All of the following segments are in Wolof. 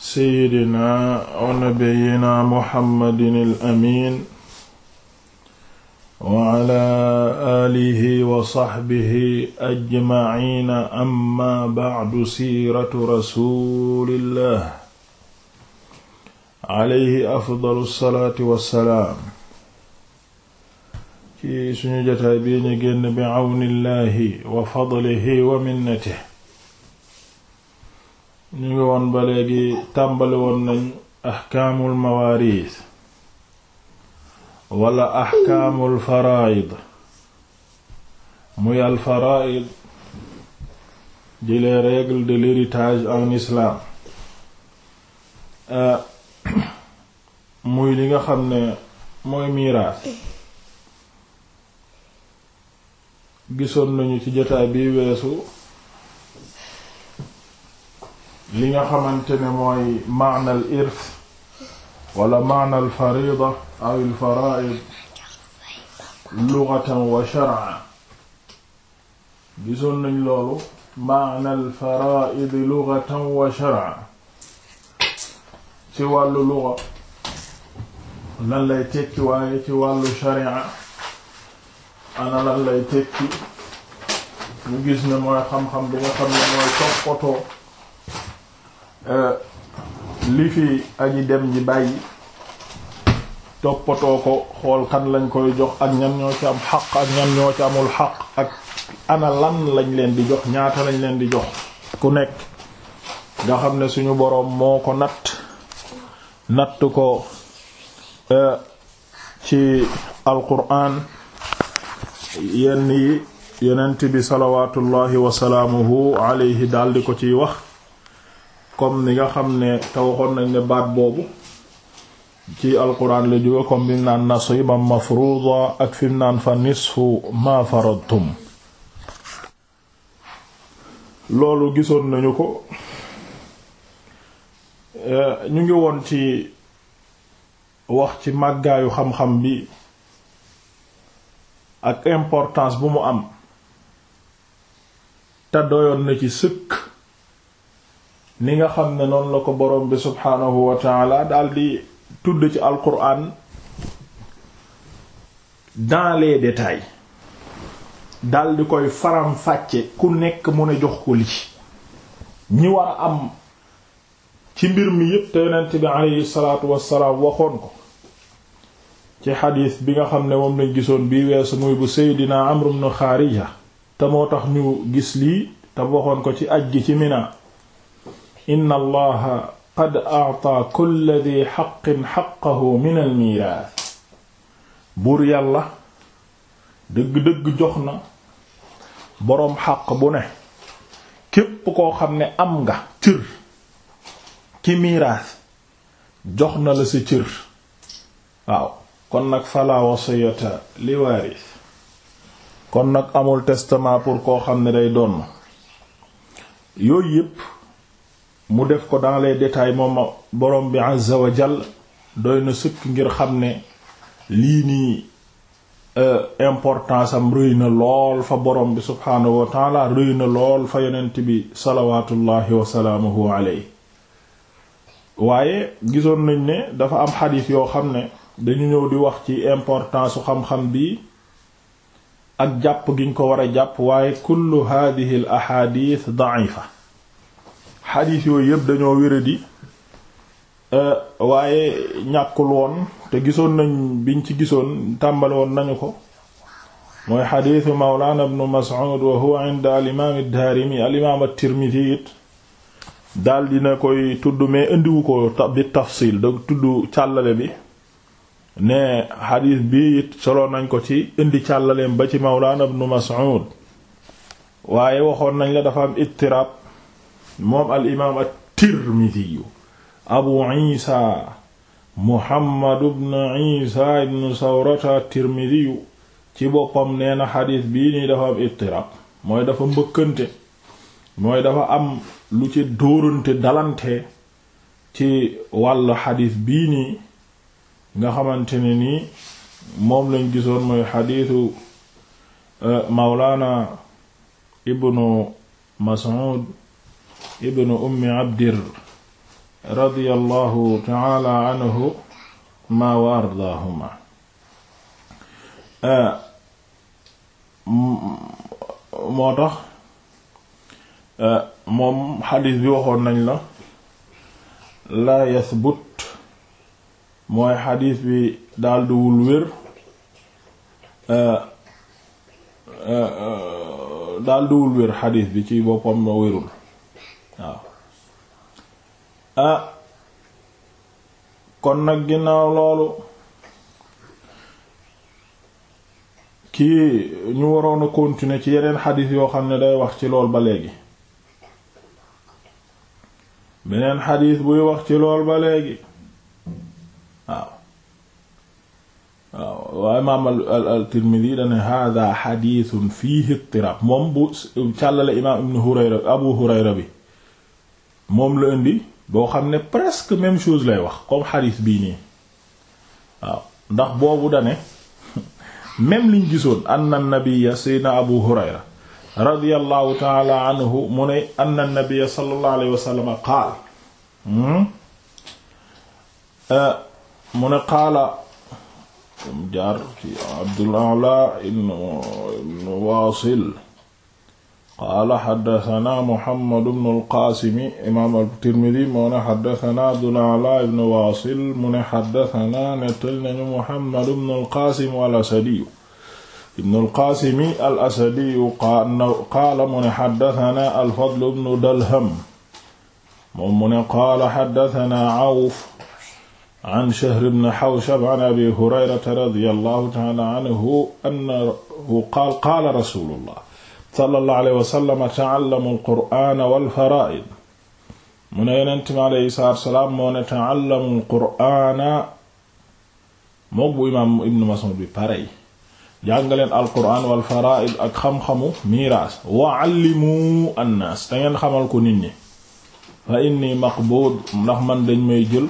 seydina wa nabiyina muhammadin al-amiin wa ala alihi wa saxbihi ajmaciina amma bacdu siiratu rasulillah alayhi afdalu salaati wa salaam ci suñu jotaay bi ñu génn bi cawnillahi wa fadlihi wa minnatihi ñu ngi woon ba gi tàmbali woon nañ axkaamul mawaariis wala axkaamul faraa'id muy al faraa'id di les règles de l'héritage en islam euh, muy li nga xam ne mooy miraas gisoon nañu ci jotaay bi weesu li nga xamante ne mooy maanal irth wala maanal farida aw al fara'id wa shar'an gisoon nañ loolu maanal fara'id lughatan wa shar'an ci wàllu lugha lan lay tekki waaye ci wàllu sharia ana lan lay tekki ñu gis ne mooy xam-xam bi nga xam ne mooy toppatoo Euh, li fi aji dem ji bàyyi toppatoo ko xool kan lañ koy jox ak ñan ñoo ci am xaq ak ñan ñoo ci amul xaq ak ana lan lañ leen di jox ñaata lañ leen di jox ku nekk nga xam ne suñu boroom moo ko natt natt ko euh, ci alquran yenn yi yonent bi salawatullahi wasalaamuhu alayhi daldi ko ciy wax comme ni nga xam ne te waxoon nañ ne baat boobu ci alquran la jóge comme bi mu naan nasiban mafruda ak fi naan fa nisfu ma faradtum loolu gisoon nañu ko eh, ñu ngi woon ci wax ci màggaayu xam-xam bi ak importance bu mu am te na ci sëkk ni nga xam ne noonu la ko borom bi subhaanahu wa taala daldi tudd ci alquran dans les daldi koy faram-fàcce ku nekk mu ne jox ko lii ñi war am ci mbir mi yépp te yonent bi aleyhi salaatu wassalaam waxoon ko ci xadiis bi nga xam ne moom lañ gisoon bii weesu muy bu seydina amru ibn xaarija te moo tax ñu gis lii te waxoon ko ci aj gi ci mina inna allaha qad a'ta kulla di xaqin xaqahu min al miiraas buur yàlla dëgg-dëgg jox na boroom xaq bu ne képp koo xam ne am nga cër ci miiraas jox na la sa cër waaw kon nag fala wasiyata li waaris kon nag amul testament pour koo xam ne day doon yooyu yépp mu def ko dans les détails moom borom bi azza wa jal doy na sëkk ngir xam ne lii nii euh, importance am rëy na lool fa borom bi subhaanahu wa taala rëy na lool fa yonent bi salawatullahi wasalaamuhu aley waaye gisoon nañ ne dafa am xadiis yoo xam ne dañu ñëw di wax ci importance su xam-xam bi ak jàpp giñ ko war a jàpp waaye kullu hadhihi al ahadith xadiis yooyu yëpp dañoo wéradi euh, waaye ñàkkul woon te gisoon nañ biñ ci gisoon tàmbal woon nañu ko mooy xadiisu mawlaana ibnu Mas'ud wa huwa inda al imaam ad-Daarimi al tudd mais ko bi tafsil da tudd càllale bi ne xadiis bi it solo nañ ko ci indi càllaleem ba ci mawlaana ibnu Mas'ud waaye waxoon nañ la dafa am ittiraab moom al imaam at-Tirmidhi Abu Isa Muhammad ibn Isa ibn Sawrata at-Tirmidhi ci boppam nee na xadiis bii nii dafa am ittiraab mooy dafa mbëkkante mooy dafa am lu ci dóorante dalante ci wàll xadiis bii nii nga xamante ne nii moom lañ gisoon mooy xadiisu eh, Mawlaana Ibnu Mas'ud ibnu ummi abdir radiyallahu taala anhu ma wa ardaahuma ah, moo tax ah, moom xadis bi waxoon nañ la laa yasbut mooy xadis bi daldiwul wér ah, daldiwul wér xadis bi ci boppam ma wérul waaw ah. kon nag ginnaaw loolu kii ñu waroon a continuer ci yeneen xadis yoo xam ne day wax ci lool ba léegi beneen xadis buy wax ci lool ba léegi waaw waaw waaye imaam al-Tirmidhi dane hada xadisun fiihi itiraab moom bu càllale imaam ibn Hurayra Abu Hurayra bi moom la indi boo xam ne presque même chose lay wax comme xadiis bii nii waaw ndax boobu dane même liñ gisoon anna nabiyya sayyidina abu hurayra radiyallahu taala anhu mu ne anna nabiyya sallallahu alayhi wa sallam qaal hmm? euh, mu ne qaala jaar ci abdul a'la ibn waasil qaala xaddasanaa Muhammad ibn al-Qaasimi imaam at-Tirmidi moo ne xaddasanaa Abdul Alaa ibn Waasil mu ne xaddasanaa nettali nañu Muhammad ibn al-Qaasimi al-Asadiyu ibn al-Qaasimi al-Asadiyu qaala mu ne xaddasanaa al-Fadl ibn Dalham moom mu ne qaala xaddasanaa Awf an Shahr ibn Hawshab an Abii Hurayrata radiyallaahu ta'aalaa anhu annahu qaala qaala rasuulullaah sallallahu alayhi wa sallam ta'allamu al-qur'aana wal-faraa'id mu ne yonent mi alayhi salaatu salaam moo ne ta'allamu al-qur'aana mook bu imaam Ibn Mas'ud bi parey jàngaleen al-qur'aan wal-faraa'id ak xam-xamu miiraas wa 'allimu an-naas te ngeen xamal ko nit ñi fa inni maqbuud ndax man dañ may jël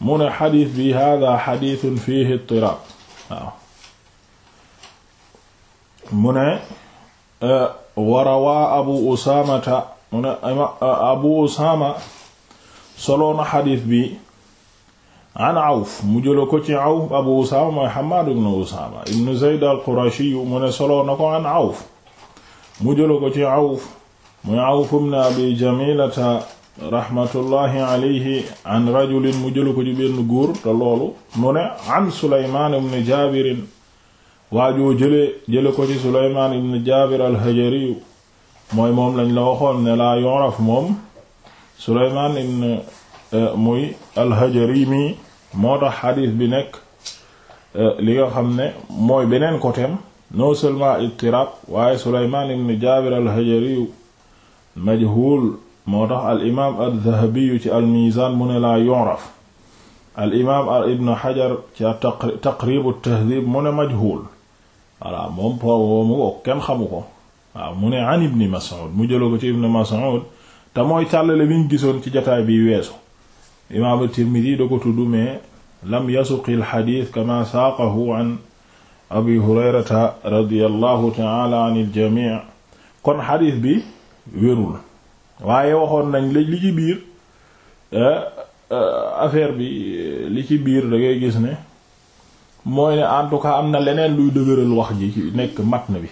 mu ne xadiis bi haadaa xadiisun fiihi ittiraab waaw mu ne Uh, warawaa abu usaamata mu ne uh, uh, abu usaama soloona xadiis bi an awf mu jëla ko ci awf abu usaama mooy xamaad ibnu usaama ibnu zayd al qurashiyu mu ne soloona ko an awf mu jëla ko ci awf muy awf ibnu abi jamilata raxmatullahi alayhi an rajulin mu jëla ko ci benn góor te loolu mu ne an suleymaan ibnu jaabirin waa jële jële ko ci Sulaymaan ibn Jaabir al-Hajari mooy moom lañ la waxoon ne laa yoraf moom Sulaymaan ibn eh, muy al-Hajari mi moo tax xadiis bi nekk eh, li nga xam ne mooy beneen côté non seulement ittirab waaye Sulaymaan ibn Jaabir al-Hajari majhul moo tax al imaam al-Dhahabi ci al-Miizaan mu ne laa yoraf al imaam ibn Hajar ci taqriib at-Tahdhiib mu ne majhul voilà moom poowoo mu ko kenn xamu ko mu ne an ibni Mas'ud mu jëloo ko ci ibni Mas'ud te mooy càllale bi ñu gisoon ci jataay bi weesu imaam at-Tirmidhi da ko tudd lam yasuqi al-hadith kama kon xadis bi wérul waaye waxoon nañ li ci biir eh, eh, affaire bi li ci biir da gis ne mooy ne en tout cas am na leneen luy dëgëral wax ji nekk na bi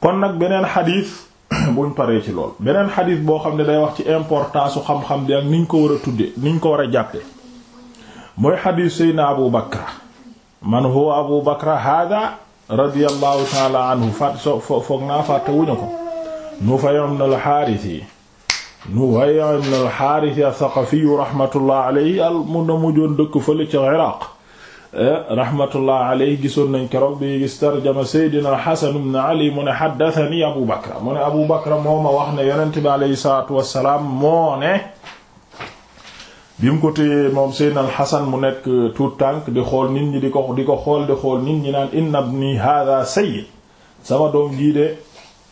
kon nag beneen xadis buñ paree ci lool beneen xadis boo xam ne day wax ci importance su xam-xam bi ak niñ ko war a tudde niñ ko war a jàppe mooy xadis sayna Abu Bakra man huwa Abu Bakra hada radiyallahu taala anhu fat so foog naa fàtte wuñu ko Nufay' ibn al-Haaris yi Nufay' ibn al-Haaris as-Saqafi rahmatullah alayhi al mun na mujjoon dëkk fële ca Iraq Eh, rahmatullah alayhi gisoon nañ keroog bi gis tarjama Seydina Hasan ibn Ali mu ne haddathani Abu Bakra mu Abu Bakra moo ma wax ne yonent bi alayhi salaatu wassalaam moo ne bi mu moom Seydina Hasan mu nekk tout tànk di xool nit ñi di ko di ko xool di xool nit ñi naan inna ibni hadha sayyid sama doom gii de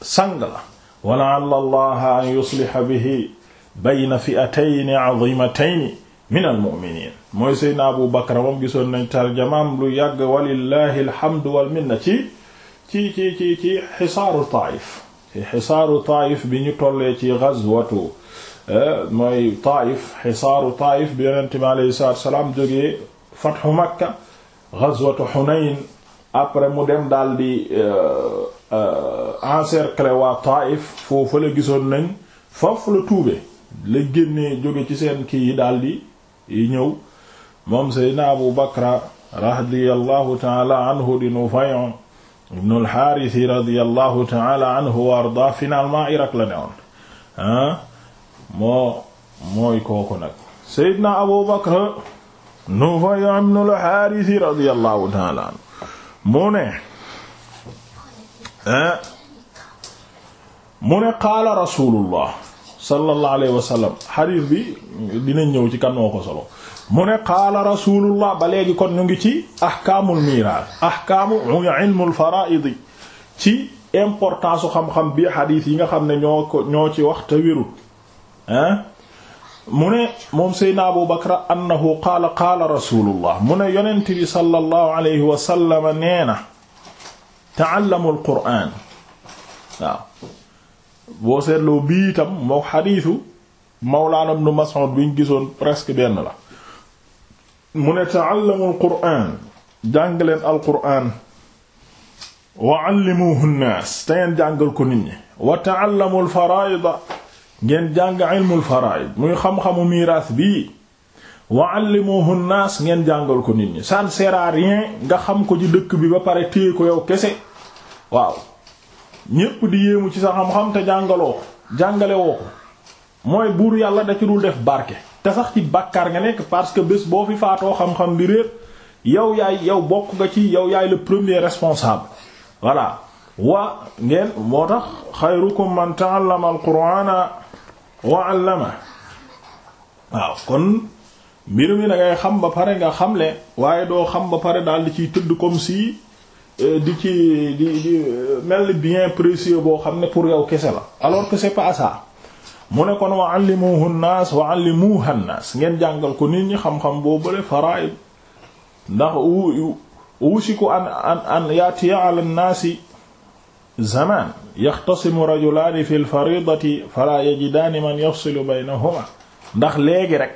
sang la wa la'alla Allaha an yusliha bihi bayna fi'atayni 'azimatayn minal mu'miniin mooy Seydina Abu Bakr moom gisoon nañ tarjamaam lu yàgg walillahi alhamdu wal minna ci ci ci ci ci xisaaru Taayif ci xisaaru Taayif bi ñu tollee ci gazwatu eh, mooy Taayif xisaaru Taayif bi Yonent bi alayhi salaatu wa salaam jógee Makka gazwatu Hunayn après mu dem daal di eh, eh, encercler waa Taayif foofu la nañ foofu la tuube la génnee jóge ci seen kii yi daal yi ñëw moom seydna abu bakra radiyallahu taala anhu di Nufay' ibn al-Haaris radiyallahu taala anhu wa arda finalement Irak la ne woon ah moo mooy kooku nag seydna abu bakra Nufay' ibn al-Haaris radiyallahu taala anhu mu ne ah, mu ne qaala rasulullah sallallahu alayhi wa sallam xadiis bi dinañ ñëw ci kan moo ko solo mu ne qaala rasulullah ba léegi kon ñu ngi ci ahkaamul miraas ahkaamu ilmul faraa'id ci importance su xam-xam bii xadiis yi nga xam ne ñoo ko ñoo ci wax te wérut ah mu ne moom seydna abu bakra annahu qaala qaala rasulullah mu ne yonent bi sallallahu alayhi wa sallam nee na ta'allamu al-qur'aan waaw boo seetloo bii itam moo xadiisu Mawlaana Ibnu Mas'ud bi gisoon presque benn la mu ne ta'allamul qur'aan jàng leen alqur'aan wa 'allimuhu an te ngeen jàngal ko nit ñi wa ta'allamul faraa'ida ngeen jàng muy xam-xamu miraas bii wa 'allimuhu an ngeen jàngal ko nit ñi ça ne nga xam ko ci dëkk bi ba pare téye ko yow kese waaw ñépp di yéemu ci sa xam-xam te jàngaloo ko jàngale woo ko mooy buur yàlla da ci dul def barke te sax ci bàkkaar nga nekk parce que bés boo fi faatoo xam-xam bi réer yow yaay yow bokk nga ci yow yaay la premier responsable voilà waa ngeen moo tax xayrukum man ta'allama al-qur'ana wa 'allama waaw kon mbir mi da xam ba pare nga xamle waaye doo xam ba pare daal di ciy tëdd comme si Euh, di ci di di euh, mel ni bien précieux boo xam ne pour yow kese la alors que c'est pas ça mu ne kon wa allimuhu nnaas wa allimuha nnaas ngeen jàngal ko nit ñi xam-xam boo bële faraa'id ndax ushiku an an an yaatiya ala nnaasi zamaan yaxtasimu rajulaani fi lfaridati fala yajidaani man yafsilu baynahuma ndax léegi rek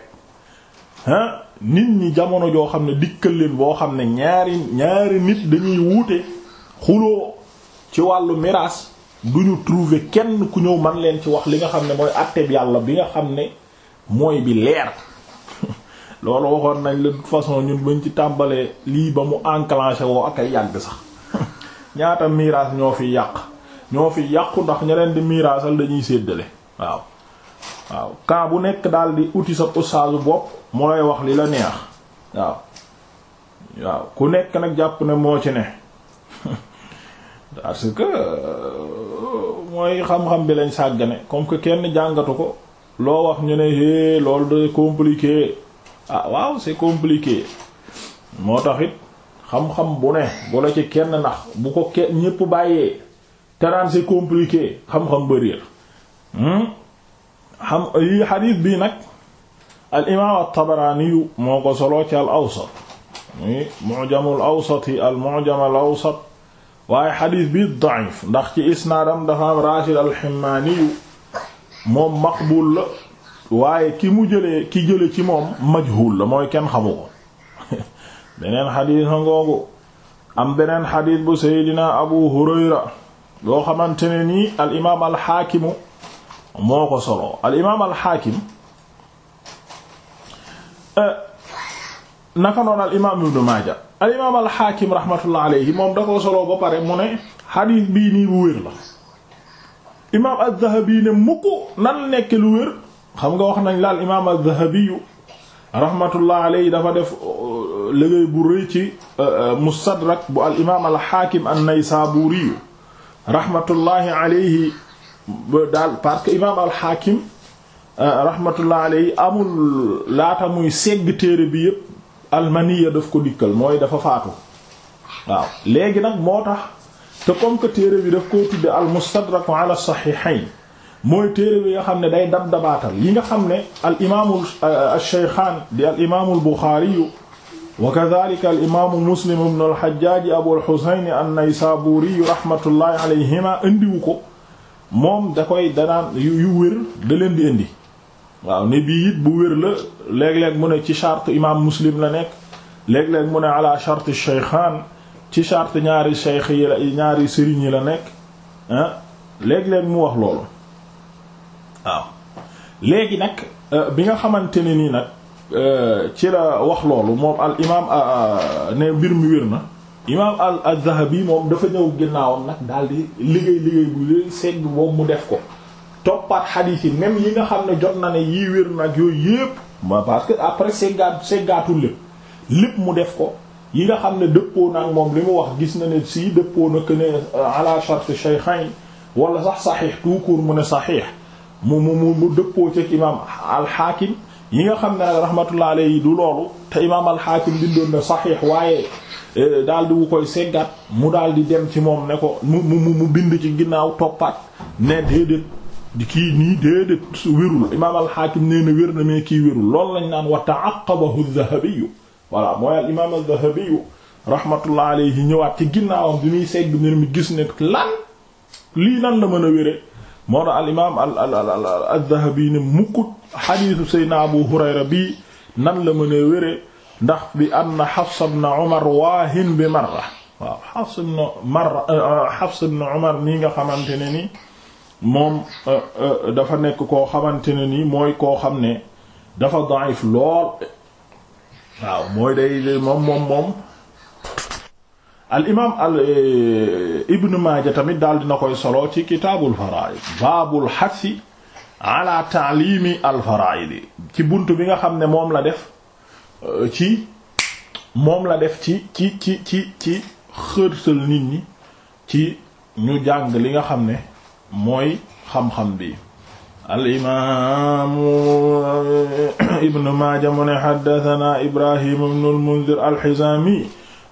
ah nit ñi jamono joo xam ne dikkal leen boo xam ne ñaari ñaari nit dañuy wuute xuloo ci wàllu miraas duñu ñu trouver kenn ku ñëw man leen ci wax li nga xam ne mooy àtteeb yàlla bi nga xam ne mooy bi leer loolu waxoon nañ la de façon ñun buñ ci tàmbalee lii ba mu enclenché woo ak ay yàgg sax ñaata miraas ñoo fi yàq ñoo fi yàqu ndax ña leen di miraasal dañuy séddale waaw waaw camp bu nekk daal di uti sa ustaasu bopp moo lay wax li la neex waaw waaw ku nekk nag jàpp ne moo ci ne parce que euh, mooy xam-xam bi lañ sàggane comme que kenn jàngatu ko loo wax ñu ne é loolu de compliqué ah waaw c'est compliqué moo tax it xam-xam bu ne bu la ci kenn nax bu ko kenn ñépp bàyyee teraan c'est compliqué xam-xam ba réer hmm? xam yi xadiis bii nag al imaam at-Tabaraani moo ko soloo ci al awsat muy mu'jamul awsati al mu'jam awsat waaye xadiis bi da'if ndax ci isnaadam dafa am Rashid al-Himmaani moom maqbul la waaye ki mu jëlee ki jële ci moom majhul la mooy kenn xamu beneen xadiis a am beneen xadiis bu Seydina Abu Hurayra loo xamante ne nii al imaam al xaakimu moo ko solo al imaam al xaakim eh, naka noonu al imaam ibnu maaja al imaam al xaakim raxmatullah alayhi moom da ko solo ba pare mu ne xadiis bii nii bu wér la imaam al dhahabi ne mukk nan nekk lu wér xam nga wax nañ la al imaam al dhahabi raxmatullah alayhi dafa def euh, liggéey bu rëy ci euh, euh, mustadrak bu al imaam al xaakim an naysaabuuri raxmatullahi alayhi daal parce que imaam alxaakim euh, rahmatullah alayhi amul laata muy segg téere bi yépp almaniya daf ko dikkal mooy dafa faatu waaw léegi nag moo tax te comme que téere bi daf koo tudde al mustadrak ala sahihayn mooy téere bi nga xam ne day dab dabaatal yi nga xam ne al imaamul euh, ash-shaykhaan di al imaamul buxaari wa kadhalika al imaamu muslim ibn al hajjaaj abul husayn an-naysaabuuri rahmatullahi alayhima indiwu ko. moom da koy danaan yu wér da leen di indi waaw ne bii bu wér la léeg-léeg mu ne ci charte imam muslim la nekk léeg-léeg mu ne ala charte shaykhan ci charte ñaari cheikh yi la ñaari sëriñ yi la nekk ah léeg-léeg mu wax loolu waaw léegi nag euh, bi nga xamante ne nii nag euh, ci la wax loolu moom al imam euh, ne mbir mu wér na imaam al az-Zahabi moom dafa ñëw ginnaawam nag daal di liggéey liggéey bu léegi segg boobu mu def ko toppaat xadiis yi même yi nga xam ne jot na ne yii wér nag yooyu yépp parce que après seggaat seggaatul lépp lépp mu def ko yi nga xam ne dëppoo nag moom li mu wax gis na ne si dëppoo na que ne euh, ala shart shaykhayn wala sax saxiix tout court mu ne saxiix mu mu mu dëppoo ci imaam al yi nga xam ne nag rahmatullah yi du loolu te imaam al-Hakim dindoon ne saxiix waaye Eh, daal di wu koy seggat mu daal di dem ci moom ne ko mu mu mu bind ci ginnaaw toppaat ne déedéet di kii nii déedéet wérul imaam al-Hakim nee na wér na mais kii wérul loolu lañ naan wa ta'aqqabahu adh-Dhahabi voilà mooy al imaam adh-Dhahabi rahmatullah alayhi ñëwaat ci ginnaawam bi muy segg mbir mi gis ne lan lii nan la mën a wére moo tax al imaam al al al al adh-Dhahabi ne mukkut xadiisu Seydina Abu Hurayra bii nan la mën a wére ndax bi anna Hafs ibn Umar waahin bi marra waaw Hafs euh, euh, Umar nii nga xamante ne ni moom euh, dafa nekk koo xamante ne ni mooy koo xam ne dafa da'if lool waaw mooy day moom moom moom al imaam al ibn Maaja tamit daal dina koy solo ci kitaabul faraa'id baabul hasi ala ta'liimi al faraa'id ci bunt bi nga xam ne moom la def Euh, ci moom la def ci ci ci ci ci xërtal nit ñi ci ñu jàng li nga xam ne mooy xam-xam bi al imaamu euh, ibnu maaja mu ne xaddatanaa ibrahima bnu almundir alxizaami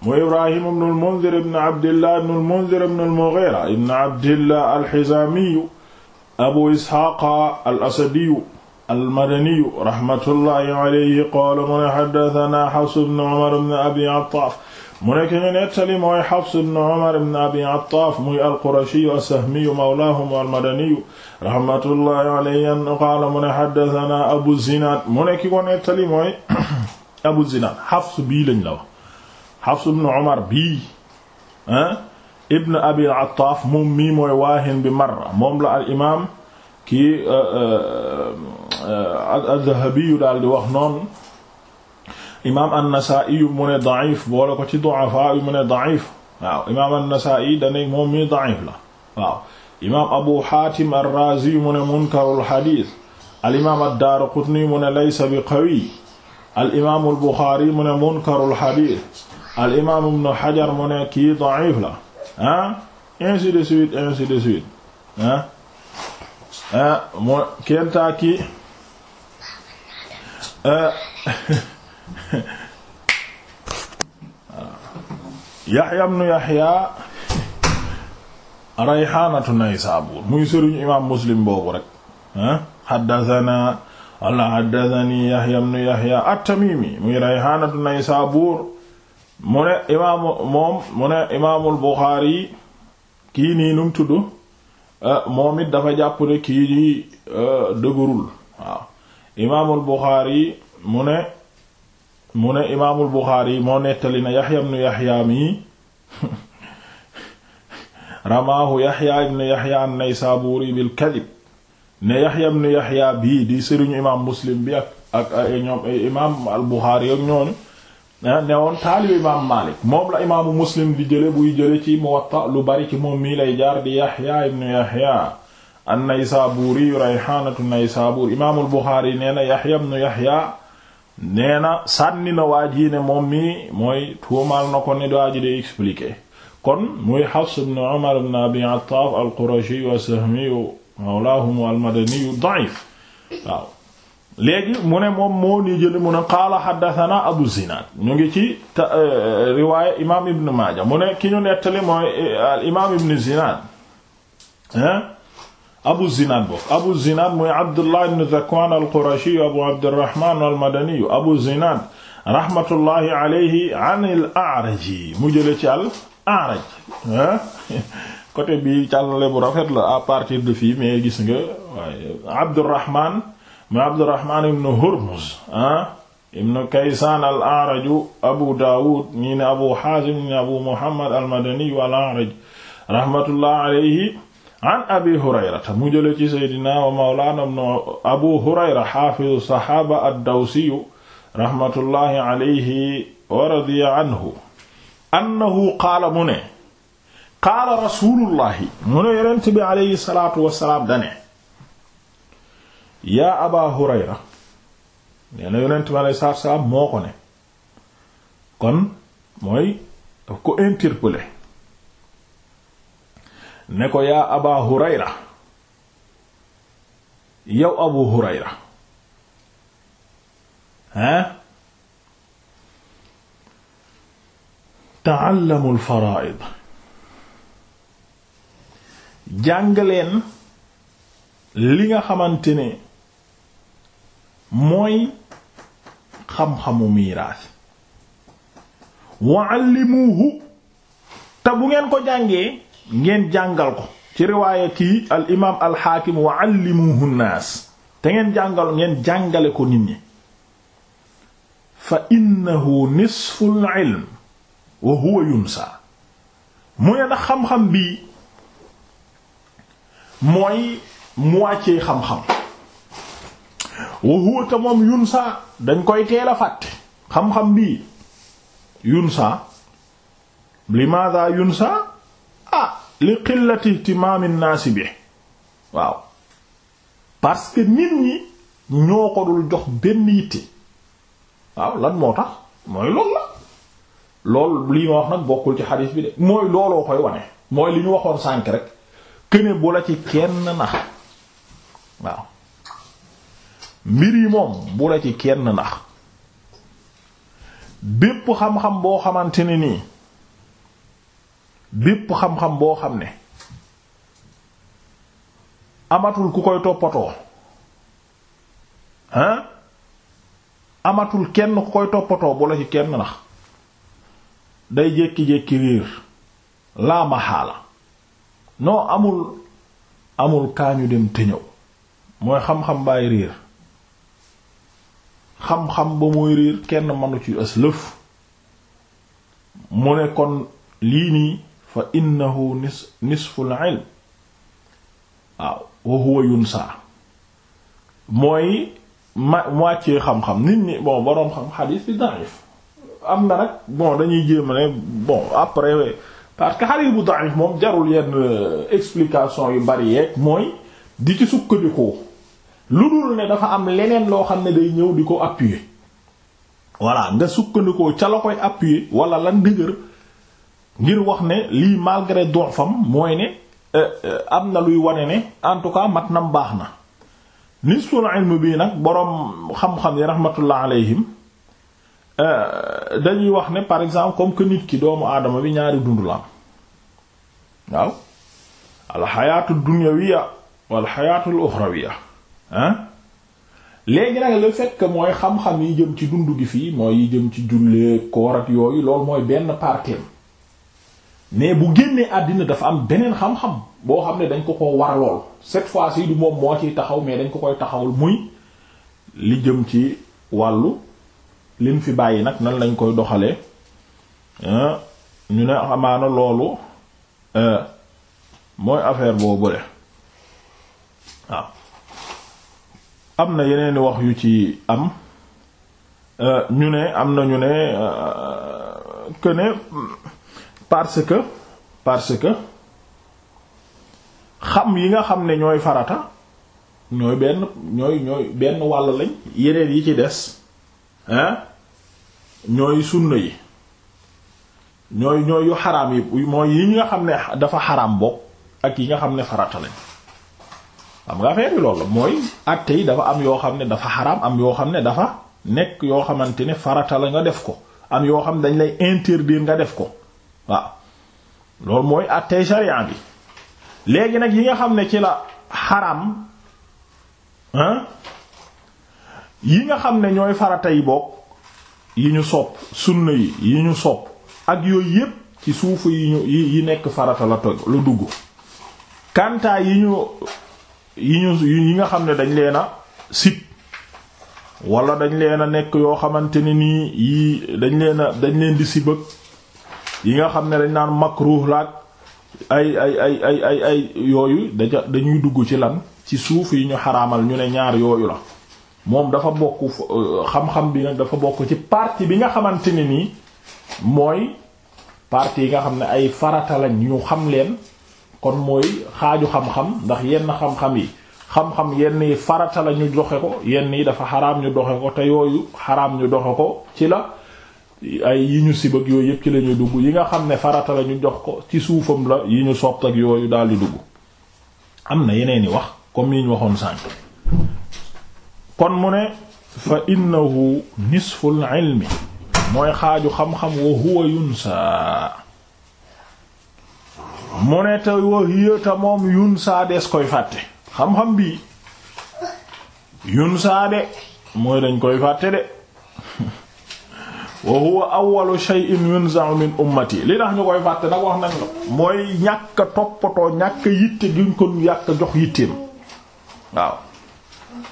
mu ibrahima bnu almundir ibnu abdillah ibnu almundir ibnu almughira ibnu abdillah alxizaamiyu abu isxaaqa al asadiyu almadaniyu rahmatullahi alayhi qaala mu ne xaddatanaa xafs bn umar bn abi ataaf mu ne ki ñu nettali mooy xafs bn umar bn abi ataaf muy alqurashiyu assahmiyu mawlaahum almadaniyu rahmatullahi alayhi qaala mu ne xaddatanaa abu zinaad mu ne ki ko nettali mooy abu zinaad xafs bii lañ la wax xafs bn umar bii ah ibn abi ataaf moom mii mooy waahin bi marra moom la al imaam kii euh, euh, Euh, az-Zahabi yu daal di wax noonu imaam an-Nasaa'i yu mu ne da'if boole ko ci du'afaa yu mu ne da'if waaw imaam an-Nasaa'i dane moom mi da'if la waaw imaam Abu Haatim ar-Raazi mu ne munkarul hadiis al imaam ad-Daaraqutni mu ne laysa bi qawiy al imaam al-Buxaari mu ne munkarul hadiis al imaam ibn Hajar mu ne kii da'if la ah ainsi de suite ainsi de suite ah ah mu kentaa kii Euh, Yaxya ibnu Yaxya rayxaanatu Naysaabuur muy sëriñu imaam Muslim boobu rek xaddasanaa walla xaddasani Yaxya ibnu Yaxya at-Tamiimi muy rayxaanatu Naysaabuur mu ne imaamu moom mu ne imaamul Buxaari kii nii nu mu euh, moom it dafa jàpp kii nii euh, dëgërul waaw imaamul Buxaari mu ne mu ne imaamul Buxaari moo nettali na Yaxya ibnu Yaxya mi ramaahu Yaxya ibnu Yaxya an-Naysaabuuri bil kadib ne Yaxya ibnu Yaxya bii di sëriñu imaam Muslim bi ak ak eh, ñoom eh, imaam al Buxaari ak ñooñu eh, ne woon taalibu imaam Maalik moom la imaamu Muslim di jële buy jële ci Muwatta lu bari ci moom mii lay jaar di Yaxya ibnu Yaxya an-Naysaburi rayhanatu Naysabur yi Buxaari nee sànni na ji ne moom mi mooy tuumaal kon muy Hafs ibnu Umar ibnu Abi Attaaf al-Qurashi qaala haddathana Abu Zinaad ñu ngi ci eh, riwaaya imaam Ibn Maaja mu ne ki ñu nettali mooy eh, al imaam Ibn Zinaad abu zinad bokk abu zinad mooy abdullah ibn zakwan al-qurashi abu abdurrahman al-madani abu zinad rahmatullahi alayhi an al-a'raj mu jële ci al-a'raj côté bi càllale bu rafet la à partir de fii mais gis nga waaye abdurrahman mooy abdurrahman ibn hurmuz ah ibn kaysan al-a'raj abu dawud ñii ne abu hazim ñii ne abu muhammad al-madani wal-a'raj rahmatullah alayhi an abi hurayrata mu jële ci seydina wa mawlaana abu hurayra xaafizu saxaaba addawsiyu raxmatullahi alayhi wa radiya anhu annahu qaala mu ne qaala rasuulullahi mu ne yonent bi alayhi salaatu wasalaam dane yaa aba hurayra nee na yonent bi alayhi salaatu wasalaam moo ko ne kon mooy daf ko interpeller ne ko yaa aba hurayra yow abu hurayra hein taallamu alfaraid jàngaleen li nga xamante ne mooy xam-xamu miiraas wa allimuhu te bu ngeen ko jàngee ngeen jàngal ko ci riwaaya kii al imaam al xaakim wa allimuhu nnaas te ngeen jàngal ngeen jàngale ko nit ñi fa innahu nisful ilm wa huwa yunsa mu ne ndax xam-xam bii mooy moitié xam-xam wa huwa te yunsa dañ koy teel a fàtte xam-xam bii yunsa limaada yunsa ah li qillati ihtimaami naasi bi waaw parce que nit ñi ñoo ko dul jox benn yitte waaw lan moo tax mooy loolu la loolu lii ma wax nag bokkul ci xadiis bi de mooy looloo koy wane mooy li ñu waxoon sànk rek këne bu la ci kenn na waaw mbir yi moom bu la ci kenn nax bépp xam-xam boo xamante ne nii bépp xam-xam boo xam ne amatul ku koy toppatoo hein amatul kenn ku koy toppatoo bu ci kenn nax day jékki-jékki riir laa maxaala non amul amul kaañu dem te ñëw mooy xam-xam baay riir xam-xam ba muy riir kenn manu ci ëslëf mu ne kon lii nii fa innahu nis nisful ilm waaw wa huwa yunsa mooy ma moitié xam-xam nit ñi bon boroom xam xadiis bi da'if am na nag bon dañuy jéem ne bon après parce que xadiis bu da'if moom jarul yenn euh, explication yu bari yeeg mooy di ci sukkandikoo lu dul ne dafa am leneen loo xam ne day ñëw di ko appuyer voilà nga sukkandikoo ca la koy appuyer wala la dëgër ngir wax ne lii malgré don fam mooy ne euh, euh, am na luy wane ne en tout cas mat nam baax na nisful ilm bii nag boroom xam-xam yi rahmatullah alayhim euh, dañuy wax ne par exemple comme que nit ki doomu aadama bi ñaari dund la am waaw alxayaatu dunyawiyya wal xayaatul uxrawiyya ah léegi nag le fekk mooy xam-xam yi jëm ci dund gi fii mooy yi jëm ci jullee koor ak yooyu loolu mooy benn partie mais bu génnee àddina dafa am beneen xam-xam boo xam ne dañ ko ko war lool cette fois-ci du moom moo ciy taxaw mais dañ ko koy taxawul muy li jëm ci wàllu lim fi bàyyi nag nan lañ koy doxalee ñu ne amaana loolu euh, mooy affaire boobule ah. am na yeneen wax yu ci am euh, ñu ne am na ñu ne euh, que parce que parce que xam yi nga xam ne ñooy farata ñooy benn ñooy ñooy benn wàll lañ yéreen yi ci des hein ñooy sunna yi ñooy ñooyu yu xaraam yi mooy yi nga xam ne dafa xaraam bokk ak yi nga xam ne farata lañ xam nga affaire lool loolu mooy acte yi dafa am yoo xam ne dafa xaraam am yoo xam ne dafa nekk yoo xamante ne farata la nga def ko am yoo xam ne dañ lay interdire nga def ko waaw loolu mooy àttee sharia bi léegi nag yi nga xam ne ci la xaram hein yi nga xam ne ñooy farata yi bokk yi ñu sopp sunna yi yi ñu sopp ak yooyu yépp ci suufu yi ñu yi nekk farata la toj lu dugg kantaa yi ñu yi ñu yi nga xam ne dañ leen a sip wala dañ leen a nekk yoo xamante ne nii yi dañ leen a dañ leen di sibëg yi nga xam ne dañ naan makruh laak ay ay ay ay ay ay yooyu daja dañuy dugg ci lan ci suuf yi ñu xaraamal ñu ne ñaar yooyu la moom dafa bokk euh, xam-xam bi nag dafa bokk ci partie bi nga xamante ne nii mooy partie yi nga xam ne ay farata lañ ñu xam leen kon mooy xaaju xam-xam ndax yenn xam-xam yi xam-xam yenn yi farata ñu doxe ko yenn yi dafa xaram ñu doxe ko te yooyu xaram ñu doxe ko ci la ay yi ñu sib ak yooyu yëpp ci la ñuy dugg yi nga xam ne farata la ñu jox ko ci suufam la yi ñu sopp ak yooyu daal di dugg am na yeneen yi wax comme yi ñu waxoon sànk kon mu ne fa innahu nisful ilmi mooy xaaju xam-xam wa huwa yunsa mu ne te wa hiya ta yunsa des koy fàtte xam-xam bii yunsa de mooy dañ koy fàtte de wa huwa awwalu shay'in yunza'u min ummati li tax ñu koy fàtte nag wax nañ mooy ñàkk a toppatoo ñàkk yitte duñ ko yàq jox yitteem waaw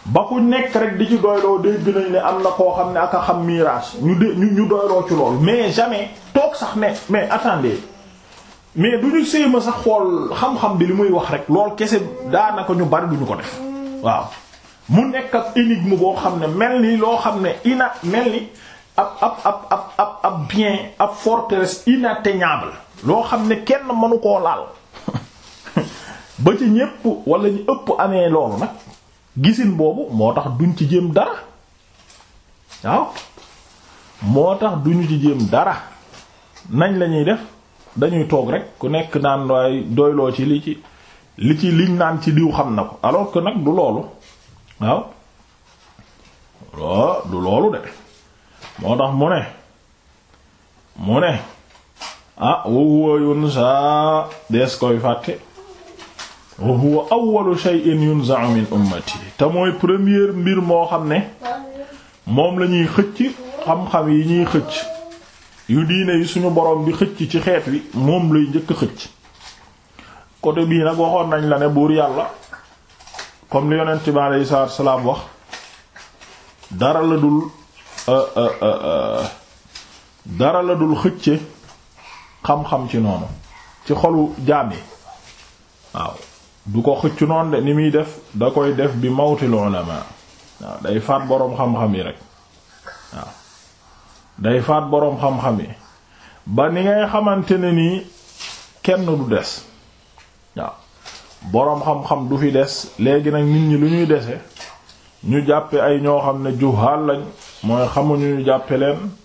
ba ku nekk rek di ci doyloo dégg nañ ne am na koo xam ne ak a xam miraas ñu de ñu doyloo ci lool mais jamais toog sax ne mais attendez mais du ñu séema sax xool xam-xam bi li muy wax rek lool kese daanaka ñu bari duñu ko def waaw mu nekk ak énigme boo xam ne mel ni loo xam ne ina mel ni ab ab ab ab ab bien ab forteresse inatteignable loo xam ne kenn mënu koo laal ba ci ñépp wala ñu ëpp amee loolu nag gisin boobu moo tax duñ ci jéem dara waaw moo tax duñu ci jéem dara nañ lañuy def dañuy toog rek ku nekk naan waaye doyloo ci li ci liñ naan ci liw xam na ko alors que nag du loolu waaw du loolu de moo tax mu ne mu ne ah wa huwa yunsa dees koy fàtte wa huwa awwalu shay'in yunza'u min ummati te mooy première mbir moo xam ne moom lañuy xëcc xam-xam yi ñuy xëcc yu diine yi suñu borom bi xëcc ci xeet wi moom lay njëkk xëcc côté bii nag waxoon nañ la ne buur yàlla comme li yonent bi alayhi salaam wax dara la dul Euh, euh, euh, dara la dul xëcce xam-xam ci noonu ci xolu jaam yi waaw du ko xëcc noonu de ni muy def da koy def bi mawtil ulama waaw day faat boroom xam-xam yi rek waaw day faat boroom xam-xam yi ba ni ngay xamante ne nii kenn du des waaw boroom xam-xam du fi des léegi nag nit ñi lu ñuy dese ñu jàppe ay ñoo xam ne juhaal lañ mooy xamuñu ñu jàppe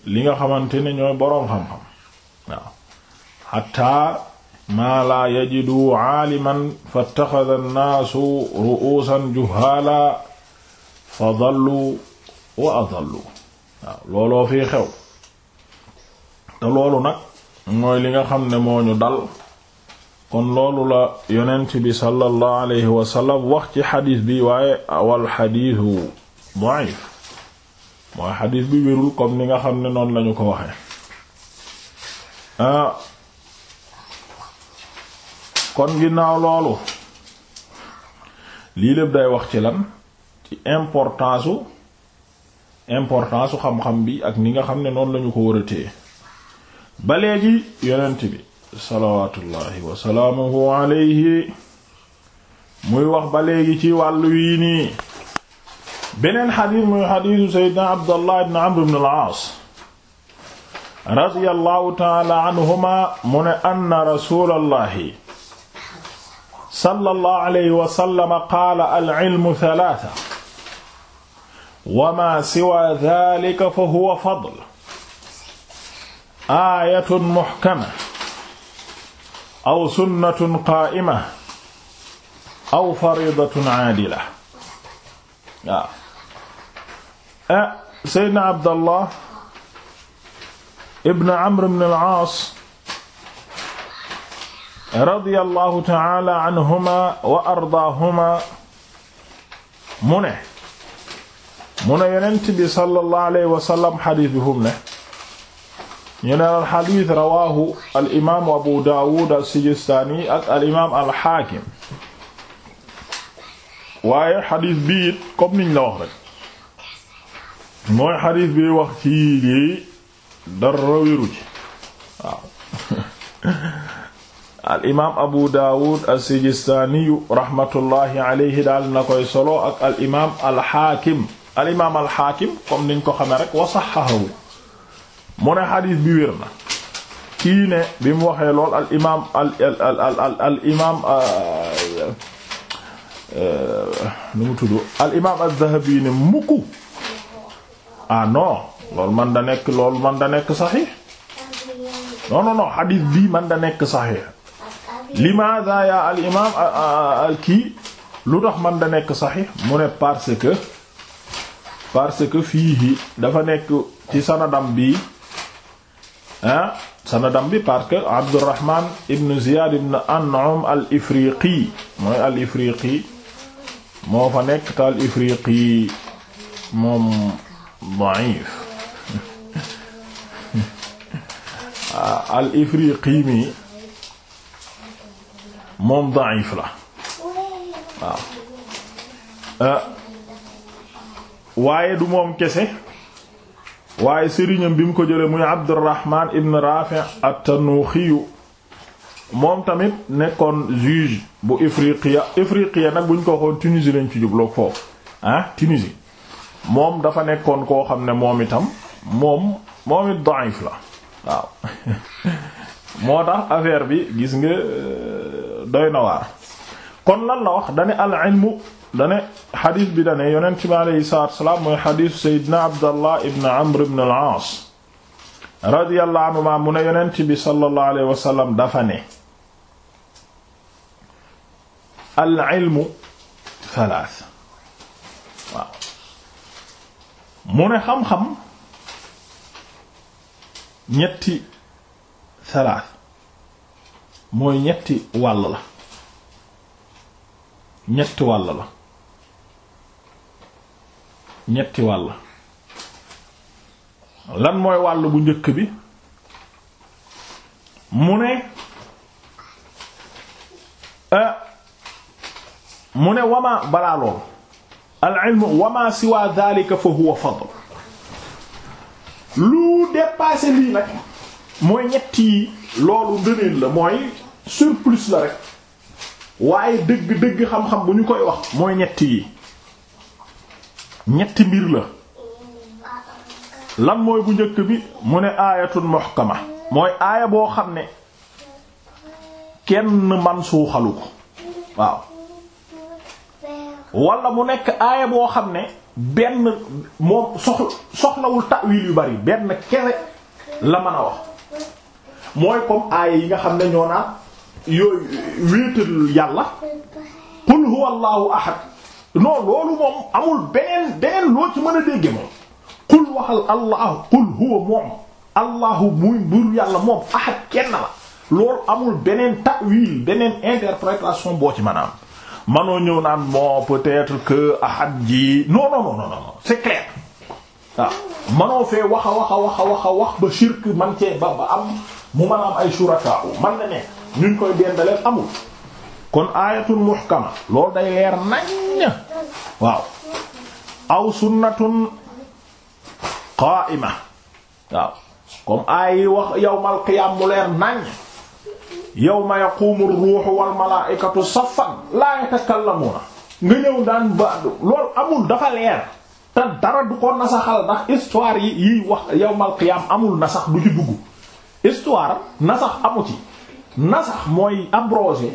li nga xamante ne ñooy boroom xam-xam waaw xataa maa laa yajidu aaliman fattaxada annaasu ru'uusan juhaala fa dallu wa adallu waaw looloo xew te loolu nag mooy li nga xam ne moo ñu dal kon loolu la yonent bi sallallahu alayhi wa sallam wax ci xadiis bi waaye awal xadiisu da'if waa xadis bi wérul comme ni nga xam ne noonu lañu ko waxee ah kon ginnaaw loolu lii lépp day wax ci lan ci importance su importance su xam-xam bi ak ni nga xam ne noonu lañu ko war a téye ba léegi yonent bi salawaatullahi wasalaamuhu alayhi muy wax ba léegi ci wàllu yii nii beneen xadiis muy xadiisu seydna abdallah ibn amr ibn al-aas radiyallahu taala anhuma mu ne anna rasulallahi sallallahu alayhi wa sallam qaala al-ilmu thalaatha wa maa siwaa dhaalika fa huwa fadl aayatun muhkama aw sunnatun qaa'ima aw fariidatun aadila waaw ah Seydina Abdallah ibn Amr ibn al-Aas radiyallahu ta'ala anhuma wa ardaahuma mu ne mu ne yonent bi sallallahu alayhi wa sallam xadiis bi fu mu ne ñu ne alxadiis rawaahu alimaam Abu Daawud as-Sijistaani ak alimaam alxaakim waaye xadiis bi it comme niñ la wax rek mooy xadiis bi wax ci lii dara wéru ci al imaam abu daawud as-sijistaaniyu raxmatullaahi alayhi daal na koy solo ak al imaam al xaakim al imaam niñ ko xamee rek wa saxxahu mu ne xadiis bi wér na bi mu lool al imaam al al al al imaam euh, euh, nu mu tudd al imaam az mukku ah non loolu man da nekk lool man da nekk saxiix non non non xadiis bii man da nekk saxiix limaada ya al imaam al kii lu tax man da nekk saxiix mu ne parce que parce que fii dafa nekk ci sanadam bi ah sanadam bi parce que Abdurrahman ibn Ziyad ibn An'am al Ifriqi mooy al Ifriqi moo fa nekk te al Ifriqi moom. da'if al ifriqi moom da'if la waaw eh, waaye du moom kese waaye sëriñam bi mu ko jële muy Abdurrahman ibn Rafi' at-Tanuxiyu moom tamit nekkoon juge bu Ifriqiya Ifriqiya nag buñ ko waxoon Tunisie lañ ci jubloo foofu ah Tunisie moom dafa nekkoon koo xam ne moom itam moom moom it da'if la moo tax affaire bi gis nga euh, doy na waar kon lan la wax dane al ilmu dane xadis bi dane yonent bi aleyhi salaatu mooy xadisu sayyidina abdallah ibn amr ibn al-aas radiyallahu anhuma mu ne yonent bi sallallahu alayhi wasallam dafa ne al ilmu thalath mu ne xam-xam ñetti salaas mooy ñetti wàll la ñetti wàll la ñetti wàll lan mooy wàll bu njëkk bi mu ne eh, mu ne wamaa balaa lool al ilmu wa ma siwa fa huwa fadl lu dépassé lii nag mooy ñetti yi loolu ngëneel la mooy surplus la rek waaye dëgg dëgg xam-xam bu ñu koy wax mooy ñetti yi ñetti mbir la lan mooy bu njëkk bi mu ne aayatun muhkama mooy aaya boo xam ne kenn man suuxalu ko waaw wala mu nekk aaya boo xam ne benn moom soxla soxlawul ta'wil yu bari benn kese la mën a wax mooy comme aaya yi nga xam ne ñoo naan yooyu wéetal yàlla qul huwa allahu ahad non loolu moom amul beneen beneen loo ci mën a dégge moom qul wax allahu qul huwa moom allahu muy bur yàlla moom ahad kenn la loolu amul beneen ta'wil beneen interprétation boo ci mën a manoo ñëw naan bon peut-être que ahad ji non non non non c'est ah, manoo fee wax a wax a wax a wax ba shirk man cee ba ba am mu man am ay shuraka man na ne ñuñ koy dendaleen amul kon aayatun muhkama loolu day leer nañ waaw aw sunnatun qaa'ima waaw comme aay yi wax yawmal qiyaam mu leer nañ yawma yaqumu ruuhu wal malaa'ikatu saffan laa yatakallamuuna nga ñëw daan ba loolu amul dafa leer te dara du ko nasaxal ndax histoire yi yiy wax yawmal qiyaam amul nasax du ci dugg histoire nasax amu ci nasax mooy abrogé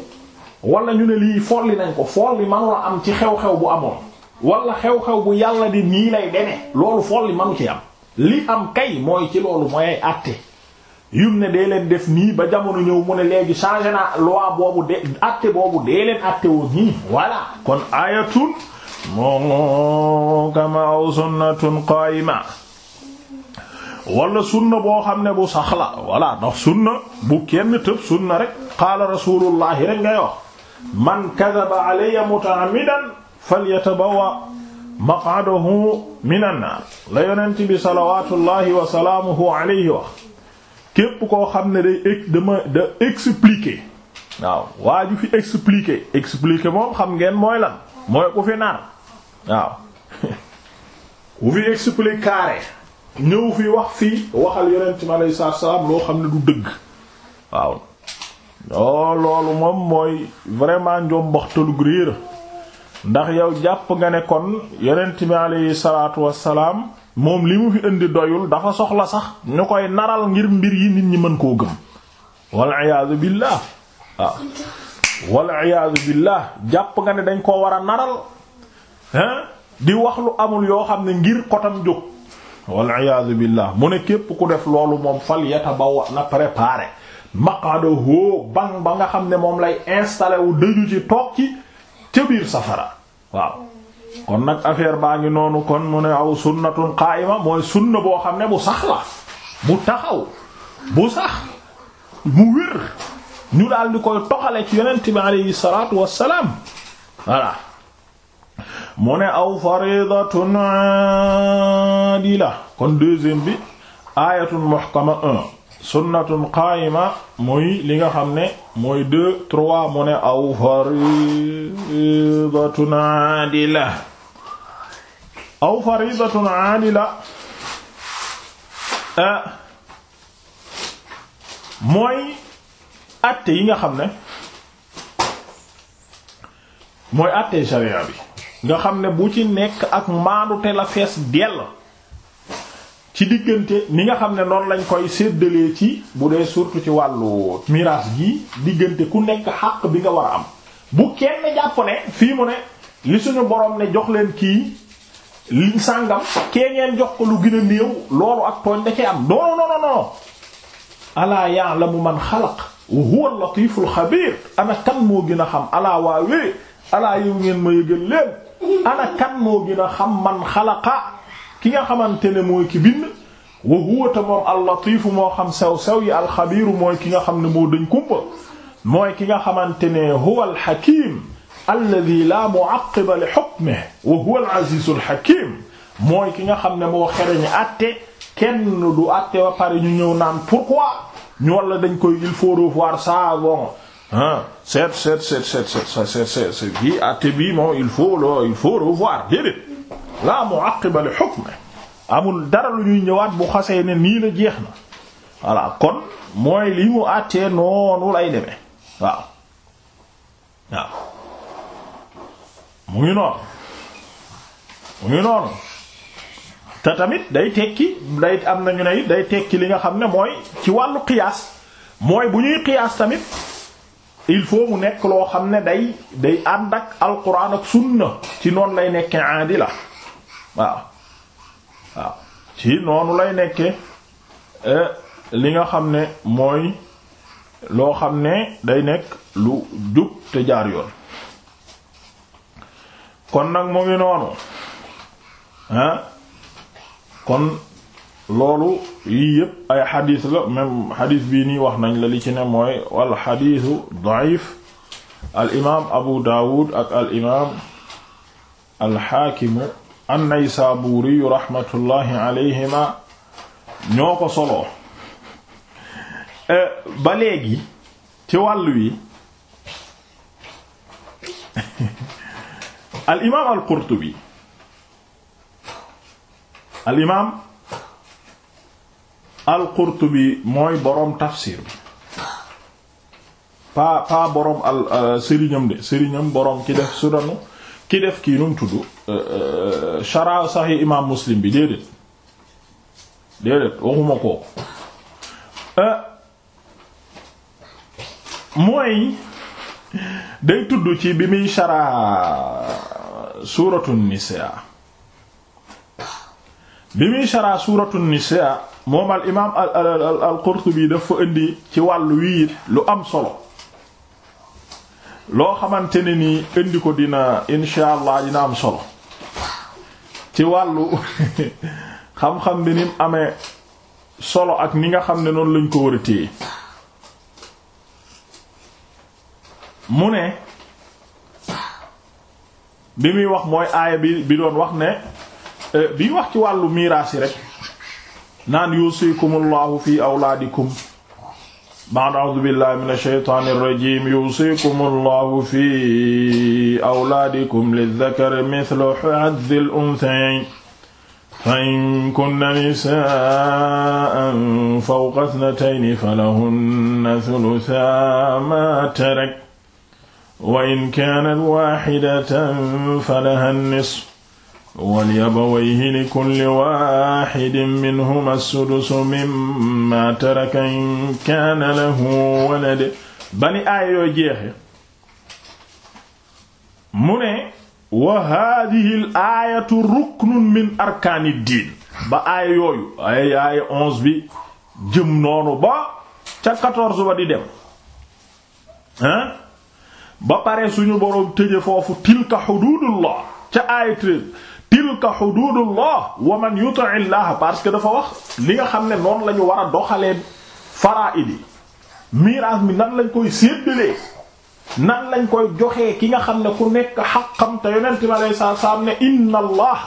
wala ñu ne lii folli nañ ko folli manu la am ci xew-xew bu amoon wala xew-xew bu yàlla di nii lay demee loolu folli manu ci am li am kay mooy ci loolu mooy ay àtte yum ne dee def nii ba jamono ñëw mu ne léegi changé na loi boobu de acte boobu dee leen acte woo nii voilà kon ayatun muhkama sunnatun qaima wala sunna boo xam ne bu sax la voilà ndax sunna bu kenn tëb sunna rek qaala rasulullahi rek ngay wax man kadaba alayya mutaamidan falyatabawa maq'adahu min an naar la yonent bi salawatullahi wa salaamuhu alayhi wa képp koo xam ne day ex dama da expliquer waaw waa ju fi expliquer expliquer moom xam ngeen mooy lan mooy ku fi nar waaw ku fi expliquer ñëw fi wax fii waxal yonent mi alayhi salaam loo xam ne du dëgg waaw oo oh, loolu moom mooy vraiment njom boxtalu réer ndax yow jàpp nga ne kon yonent mi alayhi salaatu wassalaam moom li mu fi indi doyul dafa soxla sax ñu koy naral ngir mbir yi nit ñi mën koo gëm wal iyaadu billah wal iyaadu billah jàpp nga ne dañ koo war a naral hein di wax lu amul yoo xam ne ngir kotam jóg wal iyaadu billah mu ne képp ku def loolu moom fal yatabawa na préparé maqadahu ban ba nga xam ne moom lay installé wu dëju ci toog ci ca safara waaw kon nag affaire baa ngi noonu kon mu ne aw sunnatun qaayima mooy sunna boo xam ne bu sax la taxaw bu sax mu wér ñu daal di koy toxale ci yonent bi alayhi salaatu wassalaam voilà aw faridatun aadila kon deuxième bi ayatun muhkama 1 sunnatun qaayima muy li nga xam ne mooy deux trois mu ne aw faridatun aadila aw faridatun aadila ah, mooy atte yi nga xam ne mooy atte sharia bi nga xam ne bu ci nekk ak maandu te la fees dell ci diggante ni nga xam ne noonu lañ koy séddalee ci bu dee surtout ci wàllu miraas gi diggante ku nekk xàq bi nga war a am bu kenn jàpp ne fii mu ne li suñu borom ne jox leen kii liñ sàngam kee ngeen jox ko lu gën a néew loolu ak tooñ da am non non non alaa ya'lamu man xalaq wa huwa al-latiful xabiir ana kan moo gën a xam alaa waawee alaa yow ngeen ma yëgal leen ana kan moo gën a xam man xalaqa ki nga xamante ne mooy ki bind wa huwa te moom al-Latif moo xam sew-sew yi al-Xabiir mooy ki nga xam ne moo dañ kumpa mooy ki nga xamante ne huwa al-Hakiim alladi laa mu'aqqiba li hukmihi wa huwa al-Aziiz al-Hakiim mooy ki nga xam ne moo xereñ àtte kenn du àtte wa pare ñu ñëw naan pourquoi ñu walla dañ koy il faut revoir ça bon ah seet seet seet seet seet seet seet seet seet seet seet seet seet seet seet seet la mu'aqqiba li hukmi amul dara lu ñuy ñëwaat bu xasee ne nii la jeex na voilà kon mooy li mu àttee noonu lay demee waaw waaw mu ngi noonu mu ngi noonu te tamit day tekki day am na ñu day tekki li nga xam ne mooy ci wàllu qiyaas mooy bu ñuy qiyaas tamit il faut mu nekk loo xam ne day day ànd ak alquran ak sunna ci noonu lay nekke aadi la waaw waaw ci noonu lay nekke e, li nga xam ne mooy loo xam ne day nekk lu jub te jaar yoon kon nag mu ngi noonu ah kon loolu yii yëpp ay xadis la même xadis bii nii wax nañ la li ci ne mooy wal xadisu daif al imaam Abu Dawud ak al imaam al xaakimu an-Naysaabuuri rahmatullahi alayhima ñoo ko soloo eh, ba léegi ci wàllu wi al imaam al Qurtubi al imaam al-Qurtubi mooy boroom tafsir pa pa boroom euh, sëriñam de sëriñam boroom ki def sudanu ki def kii num tudd chara euh, euh, Sahih imam Muslim bi déedéet déedéet waxuma kooku mooy day tudd ci bi muy chara suratu nisaa bi muy chara suratu nisaa moom al imaam al al Qurtubi dafa indi ci wàllu wii it lu am solo loo xamante ne nii indi ko dina insha allah dina am solo ci wàllu xam-xam bi ni mu amee solo ak ni nga xam ne noonu lañ ko war a téye mu ne bi muy wax mooy aaya bi bi doon wax ne eh, bi wax ci wàllu miraas rek. naan yuusikumullahu fi awlaadikum ba'd a'uudu billahi minash shaytaanir rajiim yuusikumullahu fi awlaadikum lizzakari mithlu hazzil unthayayn fa in kunna nisaa'an fawqa ithnatayni falahunna thuluthaa maa tarak wa in kaanat waahidatan falahaa nisfu ولأبويه لكل واحد منهما السدس مما ترك إن كان له ولد ba ni aaya yooyu jeexe mu ne wa haadihi l aayatu min arkaani diin ba aaya yooyu ay aaya bi jëm noonu ba ca quatorze ba di dem hein ba pare suñu boroom tëje foofu tilka xuduudullah ca aaya treize tilka xuduudullah wa man yuti llah parce que dafa wax li nga xam ne noonu la ñu war a doxalee faraa'id yi mi nan lañ koy séddalee nan lañ koy joxee ki nga xam ne ku nekk xaqam te yonent bi alayhi salaatu salaam ne inna allah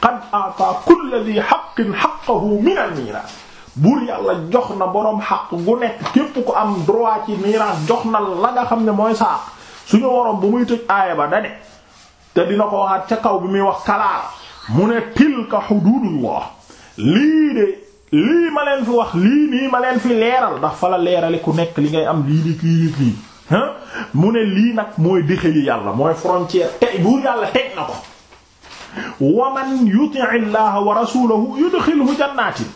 qad a'ta kulla di haqqin haqqahu min al miraas buur yàlla jox na boroom xaq gu nekk képp ku am droit ci jox na la nga xam ne mooy saax suñu waroon bu muy tëj aaya ba dane te dina ko waxaat ca kaw bi muy wax kalaar mu ne tilka xuduudullah lii de lii ma leen fi wax lii nii ma leen fi leeral ndax fa la leerale ku nekk li ngay am lii di kii lii mu ne lii nag mooy déxe yi yàlla mooy frontière tey buur yàlla teg na ko wa man yuti llaha wa rasulahu yudxilhu jannatin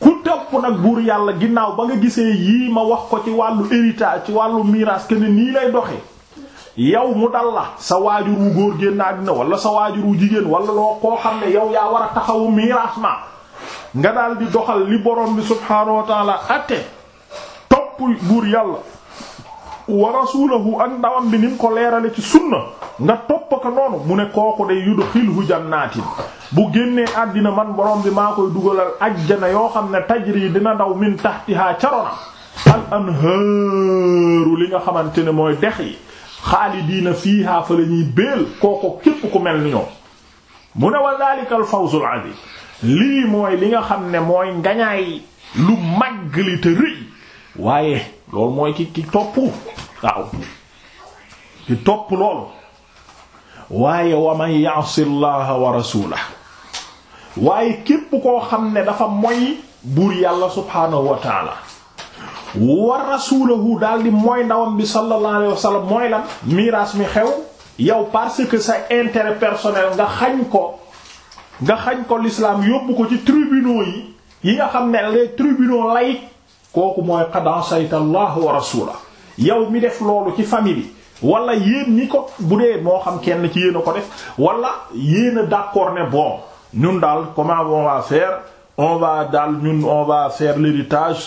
ku topp nag buur yàlla ginnaaw ba nga gisee yii ma wax ko ci wàllu héritage ci wàllu miraas que nii lay doxe yow mu dal la sa waajur wu góor génn àddina wala sa waajuru jigéen wala loo koo xam ne yow yaa war a taxawu miraas ma nga daal di doxal li borom bi subhaanahu wa taala atte topp buur yàlla wa rasulahu ak ndawam bi ni ko leerale ci sunna nga topp ko noonu mu ne kooku day yudxilhu jannaatin bu génnee àddina man borom bi maa koy dugalal ajjana yoo xam ne tajri dina daw min tahtiha carona al anhaaru li nga xamante ne mooy dex yi xaalidiina fiihaa fa la ñuy béel kooku képp ku mel ni ñoom mu ne wa dhalika al fawzul lii mooy li nga xam ne mooy ngañaay lu màgg li te rëy waaye loolu mooy ki ki topp waaw ki topp loolu waaye wa man ya'si llaha wa rasulahu waaye képp koo xam ne dafa moy buur yàlla subhaanahu wa taala wa rasulahu daal di mooy ndawam bi sallallahu alayhi mooy lan miraas mi xew yow parce que sa intérêt personnel nga xañ ko nga xañ ko lislaam yóbbu ko ci tribunaux yi yi nga xam ne les tribunaux laïcs kooku mooy qad asayta allah wa rasula yow mi def loolu ci famille bi wala yéen ni ko bu dee moo xam kenn ci yéen a ko def wala yéen a d'accord ne bon ñun daal comment on va faire daal ñun on va faire l'héritage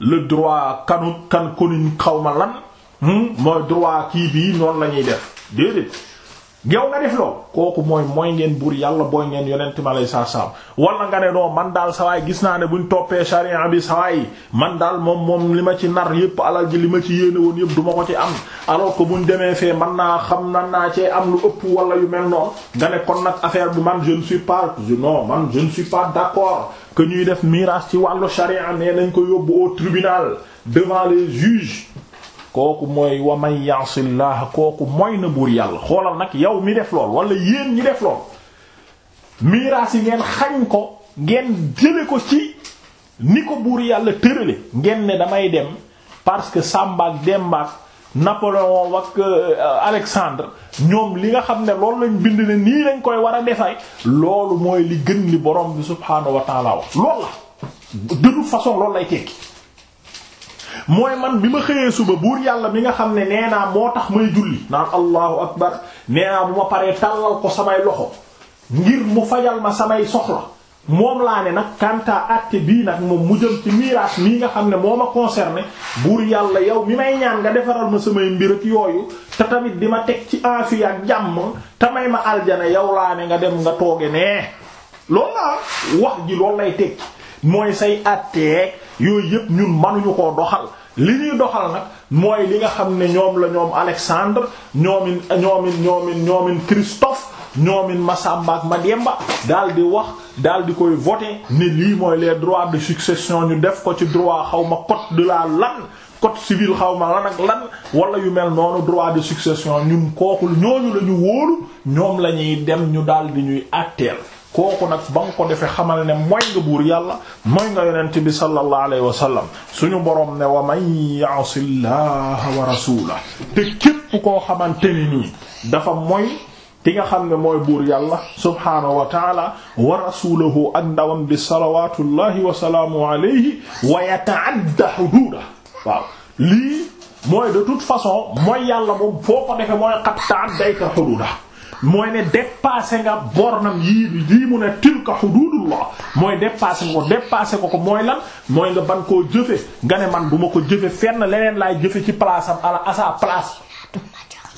le droit kanu kan konin xaw ma lan hmm? mooy droit kii bii noonu la ñuy def déedéet yow nga def lool kooku mooy mooy ngeen buur yàlla booy ngeen yonent ma lay saa saam wala nga ne non man daal sawaay gis naa ne buñ toppee sharia bi sawaay man daal moom moom li ma ci nar yépp alal ji li ma ci yéene woon yépp du ma ko ci am alors que buñ demee fee man naa xam nan naa cee am lu ëpp wala yu mel noonu nga ne kon nag affaire bi man je ne suis pas non man je ne suis pas d'accord que ñuy def miraas ci wàllu sharia nee nañ ko yóbbu au tribunal devant les kooku mooy wa man ya'sillah kooku mooy na buur yàlla xoolal nag yow mi def lool wala yéen ñi def lool miraas ngeen xañ ko ngeen jële ko ci ni ko buur yàlla tërale ngeen ne damay dem parce que sàmbaak dembaak Napoléon ak euh, Alexandre ñoom li nga xam ne loolu lañ bind ne nii lañ koy war a defay loolu mooy li gën li borom bi subhaanahu wa loolu la de façon loolu lay tekki mooy man bi ma xëyee suba buur yàlla mi nga xam ne nee naa moo tax may julli naan allahu akbar nee naa bu ma paree tàllal ko samay loxo ngir mu fajal ma samay soxla moom laa ne nag kanta àtte bii nag moom mu jël ci miraas mii nga xam ne moo ma concerné buur yàlla yow mi may ñaan nga defaral ma samay mbir ak yooyu te tamit di ma teg ci aafiya ak jàmm te may ma aljana yow laa ne nga dem nga tooge nee loolu wax ji loolu lay teg mooy say àtteeg yooyu yëpp ñun manuñu ko doxal li ñuy doxal nag mooy li nga xam ne ñoom la ñoom Alexandre ñoomin ñoomin ñoomin ñoomin Christophe ñoomin Massamba ak Mademba daal di wax daal di koy voter ne lii mooy les droits de succession ñu def ko ci droit xawma code de la lan code civil xawma lan ak lan wala yu mel noonu droit de succession ñun kookul ñooñu la ñu wóolu ñoom la ñuy dem ñu daal ñuy àtteel kooku nag ba ko defee xamal ne mooy nga buur yàlla mooy nga yonent bi sallallahu alayhi sallam suñu borom ne wa man ya'si llaha wa rasulahu te képp ko xamante ne nii dafa mooy ki nga xam ne mooy buur yàlla subhaanahu wa taala wa rasulahu ak ndawam bi salawatullahi wa salaamu alayhi wa yata'adda huduuda waaw lii mooy de toute façon mooy yàlla moom foo ko defee mooy qad ta'addayta huduuda mooy ne dépassé nga bornam yii lii mu ne tilka hududullah mooy dépassé nga ko dépassé ko ko mooy lan mooy nga ban koo jëfe nga ne man ma ko jëfe fenn leneen laay jëfe ci place am ala à sa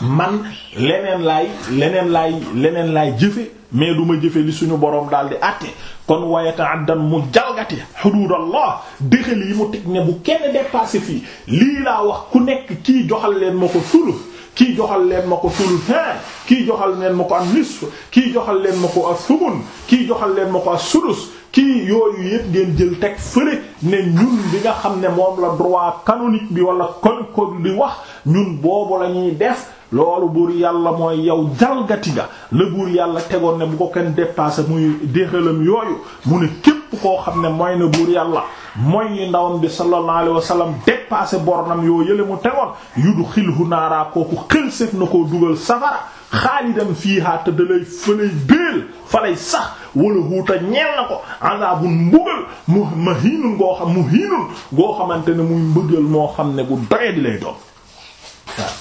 man leneen lay leneen lay leneen laay jëfe mais du ma jëfe li suñu borom daal di àtte kon wayataaddan mu jalgati xududallah déxali yi mu teg ne bu kenn dépassé fii lii laa wax ku nekk kii joxal leen ma ko sulu kii joxal leen ma ko sulusin kii joxal leen ma ko am nisf kii joxal leen ma ko ak sumun kii joxal leen ma ko ak sulus kii yooyu yëpp ngeen jël teg fële ne ñun bi nga xam ne moom la droit canonique bi wala code code li wax ñun boobu la ñuy def loolu buur yàlla mooy yow jalgati nga la buur yàlla tegoon ne bu ko kenn dépassé muy déxalam yooyu mu ne képp koo xam ne mooy na buur yàlla mooy yi ndawam bi sallallahu alayhi wa sallam dépassé bornam yoo yële mu tegoon yudu xilhu naaraa kooku xëlséf na koo dugal safara xaalidan fiihaa te dalay falay béel falay sax wala huuta ñeel na ko azabun mbugal mu mahinun goo xam mu hiinun goo xamante ne muy mbëggal moo xam ne bu doye di lay doon